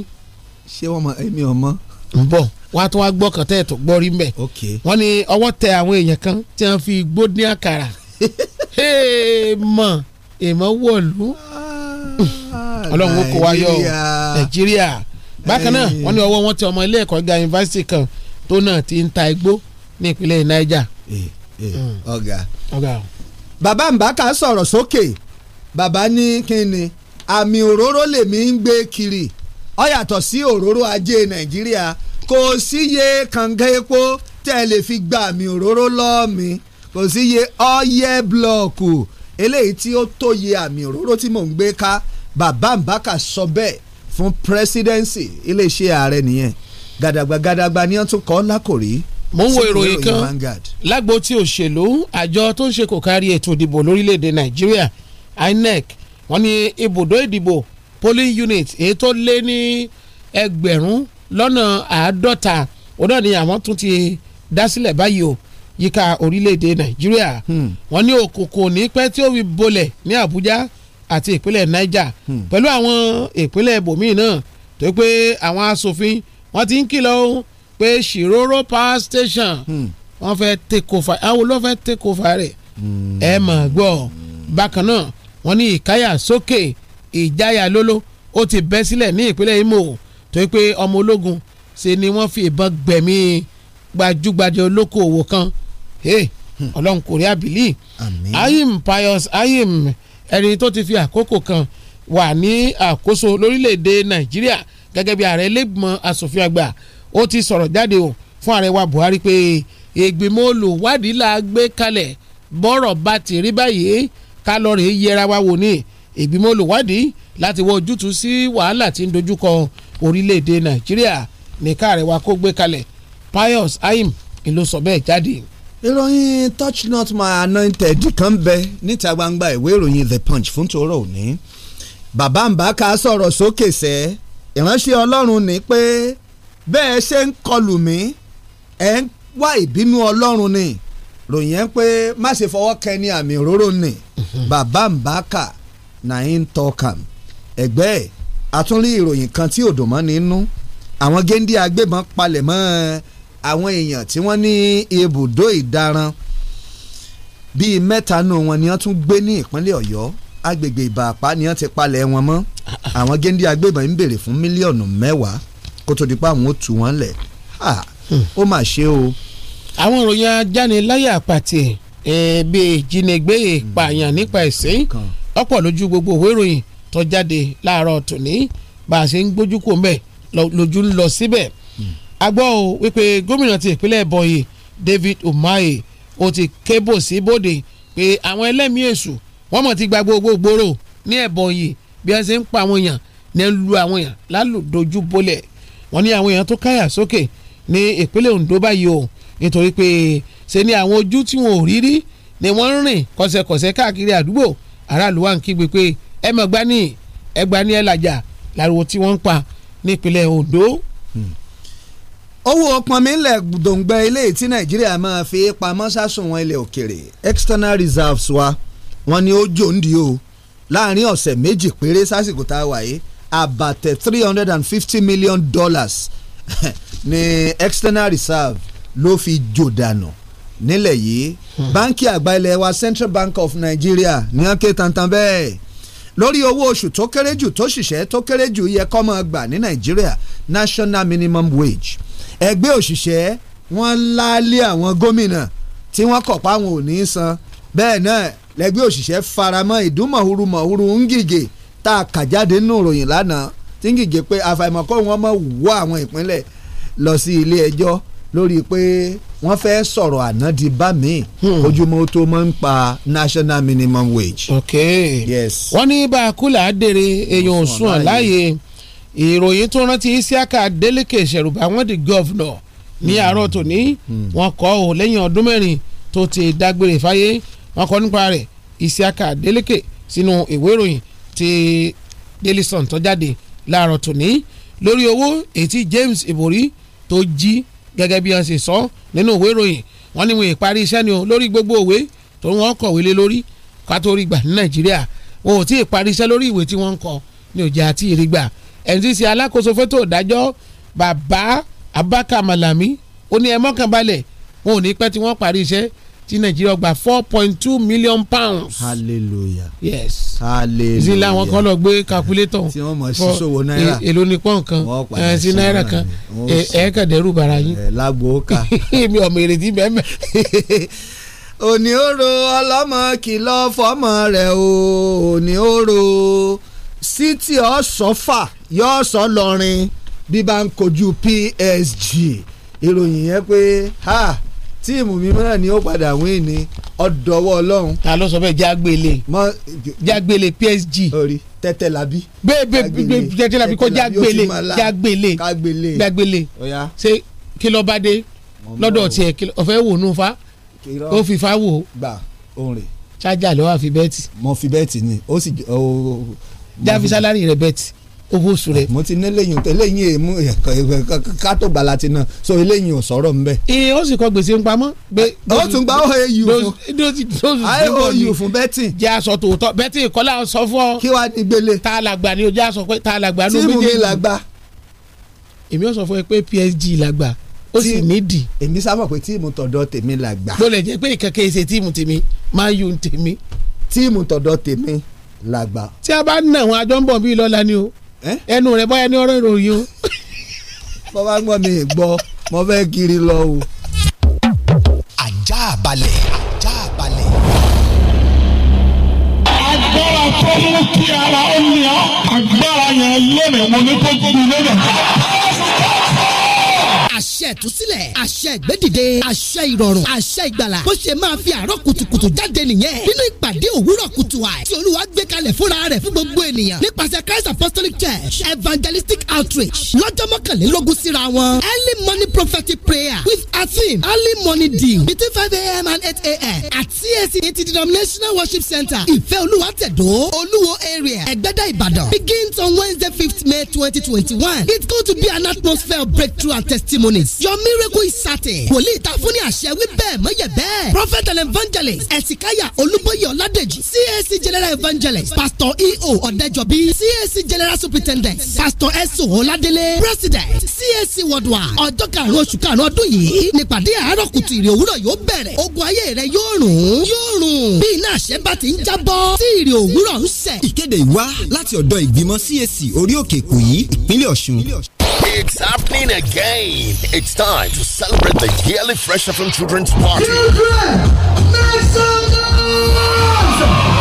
ṣé wọn mọ èmi ò mọ. ń bọ̀ wọn á tún wá gbọ́ kàn tẹ́ ẹ̀ tó gbọ́ rí mbẹ́. wọ́n ní ọwọ́ tẹ àwọn èèyàn kan tí wọ́n fi igbó ní àkàrà. èèmọ̀ èèmọ̀ wọ̀lú. Ah, ọlọ́run ó kó wa yọ nàìjíríà. bákan náà wọ́n ní ọwọ́ wọn tẹ ọmọ ilé ẹ̀kọ́ gíga yunifásitì kan tó náà ti ń ta igbó ní ìpínlẹ̀ niger Eh, eh, ọ̀gá bàbá mbàkà sọ̀rọ̀ sókè bàbá ní kínni àmì òróró lèmi ń gbé kiri ó yàtọ̀ sí òróró ajé nàìjíríà kò síye kànga epo tẹ́ ẹ lè fi gba àmì òróró lọ́ọ̀mì kò síye ọyẹ́ blọọkù eléyìí tí ó tóye àmì òróró tí mò ń gbé ká bàbá mbàkà sọ bẹ́ẹ̀ fún presidency iléeṣẹ́ ààrẹ nìyẹn gàdàgbà gàdàgbà ni wọ́n tún kọ́ lákòrí mo ń wo ìròyìn kan lágbo tí òṣèlú àjọ tó ń ṣe kò kárí ètò ìdìbò lórílẹ̀‐èdè nàìjíríà inec wọ́n ní ibùdó ìdìbò polling unit èyí tó lé ní ẹgbẹ̀rún lọ́nà àádọ́ta òun náà ni àwọn tún ti dá sílẹ̀ báyìí o yíká orílẹ̀‐èdè nàìjíríà hmm. wọ́n ní òkùnkùn ní pẹ́ tí ó fi bolẹ̀ ní àbújá àti ìpínlẹ̀ niger hmm. pẹ̀lú àwọn ìpínlẹ̀ ibòmíì náà tó pé àwọn asòfin wọ́n ti ń kìlọ̀ ohun pé ṣìróró power station hmm. wọ́n fẹ́ take over àwọn ló fẹ́ take over rẹ̀ hmm. ẹ mọ̀ gbọ́ bákan náà wọ́n ní ìkáyà sókè ìjáyà lóló ó ti bẹ́ sílẹ̀ ní ìpínlẹ̀ Imo tó yẹ pé ọmọ ológun ṣe ni wọ́n fi ìbọn gbẹ̀mí gbajúgbajà olókoòwò kan hmm. ọlọ́run kò rí àbílí ayim pius ayim ẹni tó ti fi àkókò kan wà ní àkóso lórílẹ̀‐èdè Nàìjíríà gẹ́gẹ́ bí ààrẹ lẹ́gbọ̀n asòfin àgbà ó ti sọ̀rọ̀ jáde o fún ààrẹ wa Buhari pé ìgbìmọ̀ olùwádìí la gbé kalẹ̀ bọ́rọ̀ bá ti rí báyìí ká lọ rèé yẹra wa wò ní ìgbìmọ̀ olùwádìí láti wọ ojútùú sí wàhálà tí ń dojúkọ orílẹ̀-èdè Nàìjíríà nìka ààrẹ wa kó gbé kalẹ̀ Pius Ayim ló sọ bẹ́ẹ̀ jáde. ìròyìn touch not my anointed kan bẹ níta gbangba ìwé ìròyìn The Punch fún tòró òní bàbá ń bá ká sọ̀rọ̀ sókè sẹ́ ìránṣẹ́ Ọlọ́run ní pé bẹ́ẹ̀ ṣe ń kọlù mí ẹ̀ ń wá ìbínú ọlọ́run ni ròyìn ẹ̀ ń pé má ṣe fọwọ́ kẹni àmì òróró ni mhm. bàbá ń bá kà náà ń tọ́ka ẹ̀gbẹ́ ẹ̀ àtúnrí ìròyìn kan tí òdò mọ́ nínú àwọn géńdé agbébọn palẹ̀ mọ́ àwọn èèyàn tí wọ́n ní ibùdó ìdaran bíi mẹ́ta nù wọn ni wọ́n tún gbé ní ìpínlẹ̀ ọ̀yọ́ agbègbè ìbàpá ni wọ́n ti palẹ̀ wọn mọ́ àwọn géńdé agbébọn ń béèrè fún mílíọ̀nù mẹ́wàá kó tó di pa àwọn ò tù wọ́n lẹ̀ ó mà ṣe o. àwọn ìròyìn ajániláyà pàtì bíi jínigbé ìpààyàn nípa ẹ̀sìn ọ̀pọ̀ lójú gbogbo òwe ìròyìn tó jáde láàárọ̀ tòní bá a ṣe ń gbójú kò mbẹ̀ lójú ń lọ síbẹ̀ hmm. a gbọ́ o wípé gómìnà ti ìpínlẹ̀ bọ̀yì David Umahi ó ti kébò sí bòde pé àwọn ẹlẹ́mìí èṣù wọ́n mọ̀ ti gba gbogbo gbòòrò ní ẹ̀bọ̀n bí wọ́n ṣe ń pa àwọn èèyàn ní ń lu àwọn èèyàn lálùdójú bólẹ̀ wọ́n ní àwọn èèyàn tó káyà sókè ní ìpínlẹ̀ Ondo báyìí o nítorí pé ṣe ni àwọn ojú tí wọn ò rí rí ni wọ́n ń rìn kọ̀sẹ̀kọ̀sẹ̀ káàkiri àdúgbò aráàlú wa ń kígbe pé ẹ mọ̀ gbá ní ẹ gbá ní ẹ làjà láriwo tí wọ́n ń pa nípínlẹ̀ Ondo. Hmm. owó pọnmi ńlẹ̀ dòǹgbẹ́ ilé tí Nàìjíríà máa fi pamọ́ sásùnwọ̀n ilẹ̀ òkèrè external reserves wa wọ́n ní ó jòǹdì o láàrin ọ̀sẹ̀ méjì péré sásìkò tá a wà About three hundred and fifty million dollars ní external reserve ló fi jò dànù nílẹ̀ yìí hmm. báńkì àgbà ilẹ̀ wa Central Bank of Nigeria ní wọ́n ké tantan bẹ́ẹ̀ lórí owó oṣù tó kéré jù tó ṣiṣẹ́ tó kéré jù yẹ kó gbà ní Nigeria national minimum wage ẹgbẹ́ òṣìṣẹ́ wọ́n láálé àwọn gómìnà tí wọ́n kọ̀ pa àwọn ò ní í san bẹ́ẹ̀ náà lẹ́gbẹ́ òṣìṣẹ́ faramọ́ ìdúnmọ̀húrú mọ̀húrú ń gègé tá a kà jáde nínú ìròyìn lánàá tí ń gìgé pé àfàìmọ̀ kó wọn mọ̀ wọ àwọn ìpínlẹ̀ lọ sí ilé ẹjọ́ lórí pé wọ́n fẹ́ sọ̀rọ̀ àná di bá mi hmm. ojúmọ́ tó máa ń pa national minimum wage. ok yes. wọ́n ní bàkúlà dèrè èèyàn sùn láàyè ìròyìn tó rántí isiaka deleke ṣẹ̀rùbá wọ́n di gọ́vnọ̀ ní hmm. àárọ̀ tòní hmm. wọ́n kọ́ ọ lẹ́yìn ọdún mẹ́rin tó ti dágbére fáyé wọ́n kọ́ nípa rẹ̀ isiaka deleke sínú ìwé ìròyìn ti Daily Sun tó jáde láàárọ̀ tòní lórí owó ètí James Ibori tó jí gẹ́gẹ́ bí wọ́n ṣe sọ nínú ìwé ìròyìn wọ́n ní wọ́n ìparí iṣẹ́ ni o lórí gbogbo òwe tó wọ́n kọ̀wé lé lórí kátó rí gbà ní Nàìjíríà wọn ò tí ì parí iṣẹ́ lórí ìwé tí wọ́n ń kọ ní òjì àti ìrìgbà NCC alákòóso fẹ́tò ìdájọ́ bàbá Abaka Malami ó ní ẹ mọ́kànbalẹ̀ wọn ò ní pẹ́ tí wọ́n parí iṣẹ́ tí nàìjíríà gba four point two million pounds. hallelujah yes hallelujah sí làwọn kan lọ gbé calculator tí wọ́n mọ̀ sí ṣòwò náírà e, èlò ní pọ́n kan eh, sí náírà kan eh, ẹ̀ẹ́kẹ̀dẹ́rù bàrà yín. Eh, lágbo ká èmi ọmọ èrèdí bẹ́ẹ̀ mẹ́ òní òro ọlọ́mọ kìlọ̀ fọ́mọ rẹ̀ o òní oro city ọ̀sọ́fà yóò sọ lọ́rin bí bá ń kojú PSG ìròyìn yẹn pé ha tíìmù mi náà ni ó padà wín ni ọ̀dọ̀wọ́ ọlọ́run. ta ló sọ bẹ́ẹ̀ jágbélé jágbélé PSG. orí tẹ́tẹ́ labi. bẹ́ẹ̀ tẹ́tẹ́ labi kọ́ jágbélé jágbélé jágbélé ṣé kí ló bá dé lọ́dọ̀ tiẹ̀ ọ̀fẹ́ wò nù fa ó fi fa wò. gbà òǹrè. ṣáájà ló wà fi bẹ́ẹ̀tì. mo fi bẹ́ẹ̀tì ni ó sì. jáfi sálárì rẹ̀ bẹ́ẹ̀tì owó oṣù rẹ. mo ti ní eléyìí eléyìí èmú kátó gbala ti náà so eléyìí ò sọ̀rọ̀ ń bẹ̀. ìyẹn ó sì kọ gbèsè ń pamọ́. ó tún gba oau fún iou fún betting. jẹ́ aṣọ tòótọ́ betting kọ́lá sọ fún ọ. kí wàá ní gbélé. tá làgbà ni o jẹ́ aṣọ pé tá làgbà ló méjèèjì. tíìmù làgbà. èmi ò sọ fún ẹ pé PSG làgbà ó sì nídìí. èmi sábà pé tíìmù tọ̀dọ̀ tèmi làgbà. bọ́lẹ̀ jẹ́ pé ìkàkẹ́ ìṣe tíìmù tèmi máa yun tèmi. tíìmù tọ̀dọ̀ tèmi làgbà. tí a bá ń nà Eh? ẹnu rẹ báyà ní ọ̀rọ̀ ìròyìn o. mo bá gbọ́ mi gbọ́ mo fẹ́ kiri lọ o. ajá balẹ̀ ajá balẹ̀. agbára tó mú kí ara ó ní ọ agbára yẹn lónìí mo ní kó gbúdúró náà àṣẹ ìtúsílẹ̀ àṣẹ ìgbédìde àṣẹ ìrọ̀rùn àṣẹ ìgbàlà bó ṣe máa fi àárọ̀ kùtùkùtù jáde nìyẹn nínú ìpàdé òwúrọ̀ kùtù àì tí olúwa gbé kalẹ̀ fúnra rẹ̀ fún gbogbo ènìyàn nípasẹ̀ Christ Apostolic Church evangelistic outreach lọ́jọ́ mọ́kànlélógún síra wọn early morning prophetic prayer with a theme early morning deal between five a.m. and eight a.m. at CSC, CAC interdenominational worship center ìfẹ́ olúwa tẹ̀dó olúwo area ẹ̀gbẹ́dá ìbàdàn begins on Wednesday fifth May twenty twenty one it's going to be an atmosphere of breakthrough and testimonies Prophets your miracle is certain. wòlíì ta fún ní àṣẹ wí bẹ́ẹ̀ mọ́yẹ̀ bẹ́ẹ̀. Prophet and evangelist Ẹ̀sìkáyà Olúbóyè Ọládèjì CAC general evangelist Pastor E.O. Ọ̀dẹ́jọ́bí CAC general superintendent Pastor S.O. Ọládélé President CAC worldwide ọjọ́ karùn-ún oṣù karùn-ún ọdún yìí nípàdé àárọ̀ kùtù ìrè òwúrọ̀ yóò bẹ̀rẹ̀ ogun ayé rẹ yóò rùn yóò rùn bí iná àṣẹ bá ti ń jábọ́ tí ìrè òwúrọ̀ ń sẹ̀. ìkéde ìwá láti ọ̀dọ̀ ìgbìmọ̀ CAC orí òkè Ìkòyí ìpínlẹ̀ Ọ̀ṣun. It's happening again It's time to celebrate the yearly Fresh from Children's Party. Children, make some noise!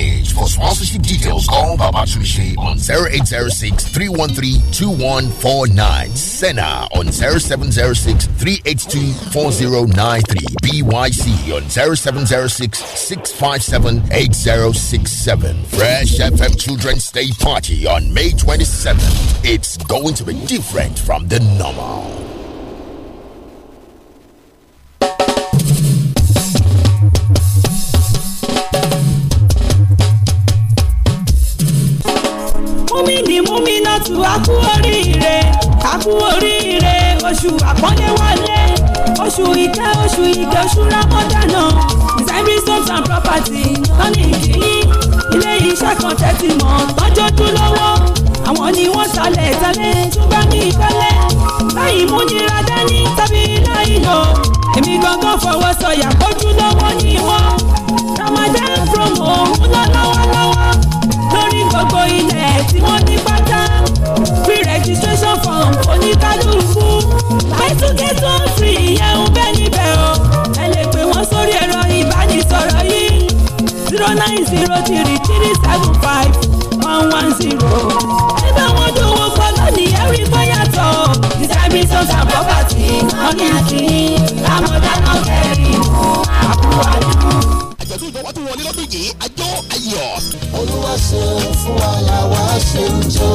page. For sponsorship details, call Baba Chumishe on 0806 313 Senna on 0706 BYC on 0706 657 Fresh FM Children's Day Party on May 27th. It's going to be different from the normal. múmìnì múmìnà tù á kú oríire á kú oríire oṣù àpọ́nlé wọlé oṣù ìkẹ́ oṣù ìkẹ́ oṣù rámọ́dánà ìsẹ́rí stones and property lọ́nà ìdílé ilé iṣẹ́ kan tẹ́tí mọ́ tọ́jú dún lọ́wọ́ àwọn ni wọ́n ṣàlẹ̀ tẹ́lẹ̀ tún bá mi fẹ́lẹ́ láì mú nira dání tàbí láì lò èmi gangan fọwọ́ sọ̀yà kójú lọ́wọ́ ni wọ́n ramadan promo ń lọ lọ́wọ́lọ́wọ́ gbogbo ilẹ̀ tí wọ́n ní pátá free registration form oníkálukú àìtúkẹ́tù free ìyẹn ń bẹ níbẹ̀ o ẹ lè pè wọ́n sórí ẹ̀rọ ìbánisọ̀rọ̀ yìí zero nine zero three three seven five one one zero ẹ bá wọn dúró pọ̀ lónìí ẹ rí bóyàtọ̀ distributions and property wọ́n ní àti lámọ̀dá náà kẹrin àbúrò àdúgbò. àjọ̀dún ìjọba tó wọlé lọ́dún yìí ayọ̀. olúwa ṣeun fún wa làwa ṣe ń jó.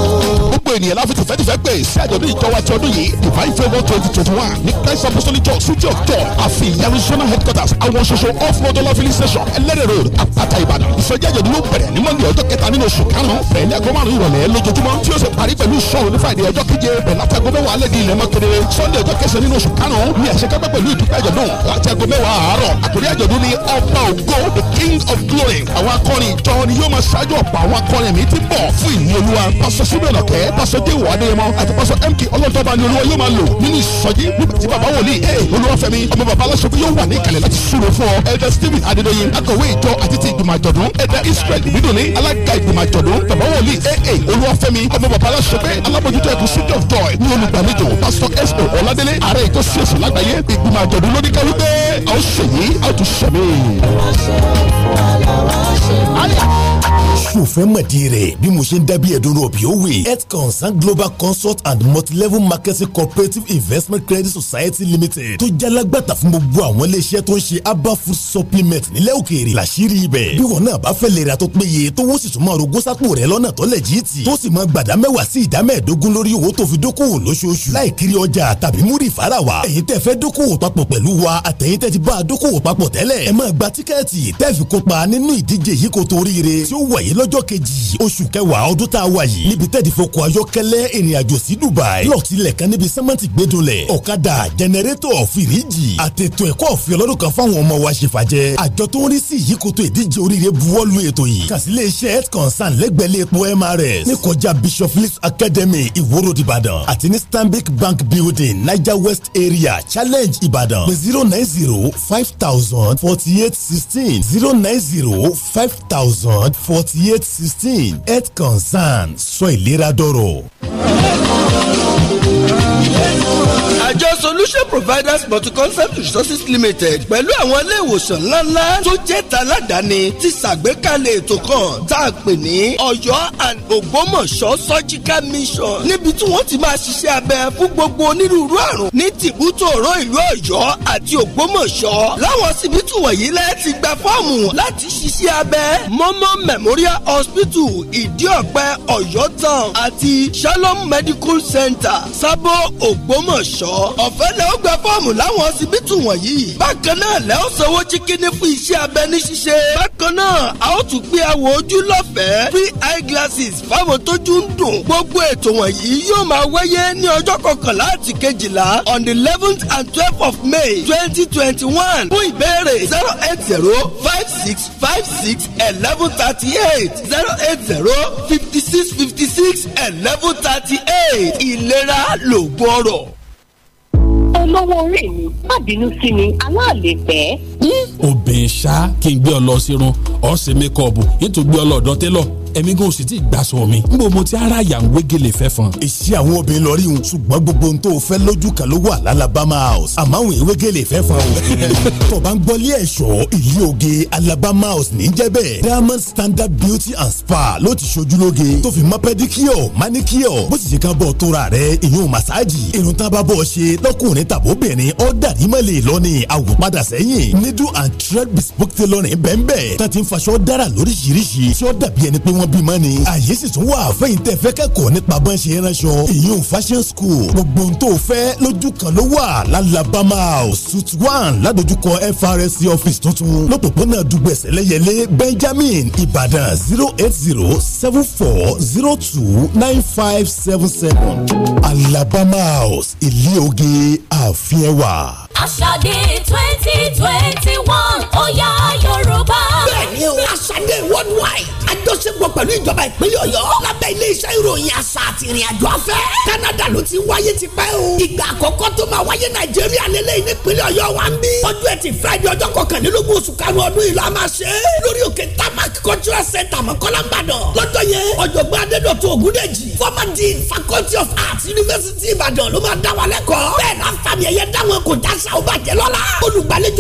gbogbo ènìyàn láfi tìfẹ́tìfẹ́ pé sí àjọ̀dún ìjọba ti ọdún yìí divine favour twenty twenty one ní christ apostolic church suji of church àfi yarisona headquarters àwọn ṣoṣo off road olafili station ẹlẹ́rẹ̀ road àpáta ìbàdàn ìsọjí àjọ̀dún ló bẹ̀rẹ̀ ní monday ọjọ́ kẹta nínú oṣù karùn-ún bẹ̀rẹ̀ ní aago márùn-ún ìrọ̀lẹ́ lójoojúmọ́ tí ó sì parí pẹ̀lú sọ́ọ̀ ní friday ọjọ́ keje bẹ̀rẹ̀ látago mẹ́wàá alẹ́ di ilẹ̀ mọ́ kedere sunday ọjọ́ kẹsàn-án nínú oṣù karùn-ún ní àṣekágbẹ́ pẹ̀lú ìdúpẹ́ àjọ̀dún látago mẹ́wàá àárọ̀ àkórí àjọ̀dún ní ọba ògo the king of glory àwọn akọrin orin ìjọ ni yóò máa ṣáájú ọ̀pọ̀ àwọn akọrin mi ti bọ̀ fún ìní olúwa pásọ Simeon Ọ̀kẹ́ pásọ déwò adéyẹmọ àti pásọ MK ọlọ́dọ́ba ni olúwa yóò máa lò nínú ìsọjí nígbà tí bàbá wòlíì ẹ olúwafẹ́mi ọmọ bàbá aláṣọkú yóò wà ní ìkàlẹ̀ láti súre fún ọ elder Stephen Adédoyin akọ̀wé ìjọ àti ti ìgbìmọ̀ àjọ̀dún Israel ìbídùnní alága ìgbìmọ̀ àjọ̀dún bàbá wòlíì ẹ olúwafẹ́mi ọmọ bàbá aláṣọkú alábòjútó あれ ṣòfẹ́ mọ̀dí rẹ̀ bí mo ṣe ń dábìí ẹ̀dùn rọ̀bì ó wè health global consult and multilevel marketing cooperative investment credit society limited tó jalagbàtà fún gbogbo àwọn iléeṣẹ́ tó ń ṣe herbal food supplement nílẹ̀ òkèèrè làṣírí ibẹ̀ bí wọn náà bá fẹ́ lè ra tó péye tó wọ́n sì tún máa rogó sápò rẹ̀ lọ́nà tó lẹ̀ jí tì tó sì máa gbàdá mẹ́wàá sí ìdá mẹ́ẹ̀ẹ́dógún lórí owó tó fi dókòwò lóṣooṣù láì kiri ọjà tàbí múrì fara wa ẹ̀yin tẹ́ fẹ́ dókòwò papọ̀ pẹ̀lú wa àtẹ̀yin tẹ́ ti bá a dókòwò papọ̀ tẹ́lẹ̀ ẹ máa gba tíkẹ́ẹ̀tì tẹ́ fi kópa yìí lọ́jọ́ kejì oṣù kẹwàá ọdún tá a wà yìí níbi tẹ́ẹ̀dì fọkọ̀ ayọ́kẹ́lẹ́ ìrìnàjò sí Dubai lọ́ọ̀tìlẹ̀ kan níbi sẹ́mẹ́ntì gbẹdọ̀lẹ̀ ọ̀kadà jẹnẹrétọ̀ fìríjì àtètò ẹ̀kọ́ ọ̀fẹ́ ọlọ́dún kan fáwọn ọmọ wa ṣe fàjẹ́ àjọ tó ń rí sí ìyíkoto ìdíje oríire buwọ́lu ètò yìí kàsílẹ̀ iṣẹ́ health concern lẹ́gbẹ̀lẹ́ epo MRS ní kọjá Bishop Phillips Academy ìwòrò Ìbàdàn àti ní Stanbic Bank Building Niger West Area Challenge Ìbàdàn pé zero nine zero five thousand forty eight sixteen zero nine zero five thousand forty eight sixteen health concern sọ ìlera dọ̀rọ̀ àjọ solution providers multi-concept resources limited pẹ̀lú àwọn ilé ìwòsàn ńláńlá tó jẹ́ taládàáni ti ṣàgbékalẹ̀ ètò kan tá a pè ní ọ̀yọ́ and ògbómọ̀ṣọ́ surgical mission níbi tí wọ́n ti máa ṣiṣẹ́ abẹ fún gbogbo onírúurú àrùn ní tìbútòrò ìlú ọ̀yọ́ àti ògbómọ̀ṣọ́ láwọn síbítù wọ̀nyí lẹ́ ti gba fọ́ọ̀mù láti ṣiṣẹ́ abẹ mọ́mọ́ memorial hospital ìdíọ̀pẹ ọ̀yọ́ town àti shalom medical center sábò ògbómọ̀ṣọ́ lọ́wọ́ ọ̀fẹ́ lẹ ó gba fọ́ọ̀mù láwọn ọsibítù wọ̀nyí. bákan náà lẹ ó sanwó chikini fún iṣẹ́ abẹ ní ṣíṣe. bákan náà a ó tún pé awò ojú lọ́fẹ̀ẹ́ free eye glasses fáwọn tójú ń dùn. gbogbo ètò wọ̀nyí yóò máa wáyé ní ọjọ́ kọkànlá àti kejìlá on the eleventh and twelfth of May twenty twenty one fún ìbéèrè zero eight zero five six five six eleven thirty eight zero eight zero fifty six fifty six eleven thirty eight ìlera lògbọ́rọ̀ lọ́wọ́ orí mi má bínú sí mi aláàlè pẹ́. obìnrin ṣá kí n gbé ọ lọ sírun ọ̀sẹ̀ mẹ́kọ̀ọ̀bù ètò gbé ọ lọ́dọ̀ tẹ́lọ̀ èmi gan ò sì tí ì gbàsọ mi n bò mo ti ara yà ń wégele fẹ́ fan. èsì àwọn obìnrin lọ rí un ṣùgbọ́n gbogbo ohun tó o fẹ́ lójú kan ló wà l'Alabama house àmọ́ òun ìwégele fẹ́ fan o. tó bá ń gbọ́lé ẹ̀ṣọ́ ìlú oge Alabama house ní jẹ́ bẹ́ẹ̀ Diamond Standard Beauty and Spa ló ti ṣojú lóge tó fi mọ́ pẹ́díkíọ̀ máníkíọ̀ bó ti ṣe ká bọ̀ tóra rẹ̀ ìyún màsáàjì irun tá a bá bọ̀ ṣe lọ́kùnrin tàbóbìnrin ọ̀ dàrí mọ́lẹ̀ lọ́ni àwòpadà sẹ́yìn needle and thread bespoke tailoring bẹ́ẹ̀ bẹ́ẹ̀ tá ti ń faṣọ dára lóríṣiríṣi tí ó dàbí ẹni pé wọ́n mọ́ bímọ ni àyè sì tún wà fẹ́yìn tẹ́ fẹ́ kẹ́kọ̀ọ́ nípa bọ́n ṣe ránṣọ ìyún fashion school gbogbo ohun tó fẹ́ lójú kan ló wà lálàbámà suit one ládojúkọ FRSC office tuntun lọ́pọ̀pọ̀nà dùgbẹ̀sẹ̀ lẹ́yẹlé Benjamin Ìbàdàn zero eight zero seven four zero two nine five seven seven Alabama House ilé oge àfihàn. Àṣàdé twenty twenty one ó Yorùbá. Bẹ́ẹ̀ni o, àṣàdé worldwide lájọṣepọ̀ pẹ̀lú ìjọba ìpínlẹ̀ ọ̀yọ́ lábẹ́ iléeṣẹ́ ìròyìn àṣà àti ìrìnàjò afẹ́ Canada ló ti wáyé ti pẹ́ o ìgbà àkọ́kọ́ tó máa wáyé nàìjíríà lélẹ́yìn nípínlẹ̀ ọ̀yọ́ wa ń bí ọjọ́ ẹtì friday ọjọ́ kọkànlélógún oṣù karùn-ún ọdún yìí la máa ṣe é lórí òkè tamak cultural center mọ́kànlá ìbàdàn lọ́jọ́ yẹn ọ̀jọ̀gbọ́n adédọ̀tun ògúndèjì former dean faculty of arts university ìbàdàn ló máa dá wa lẹ́kọ̀ọ́ bẹ́ẹ̀ náà fàmì ẹ̀yẹ dáwọn kò já sa ó bàjẹ́ lọ́la olùgbàlejò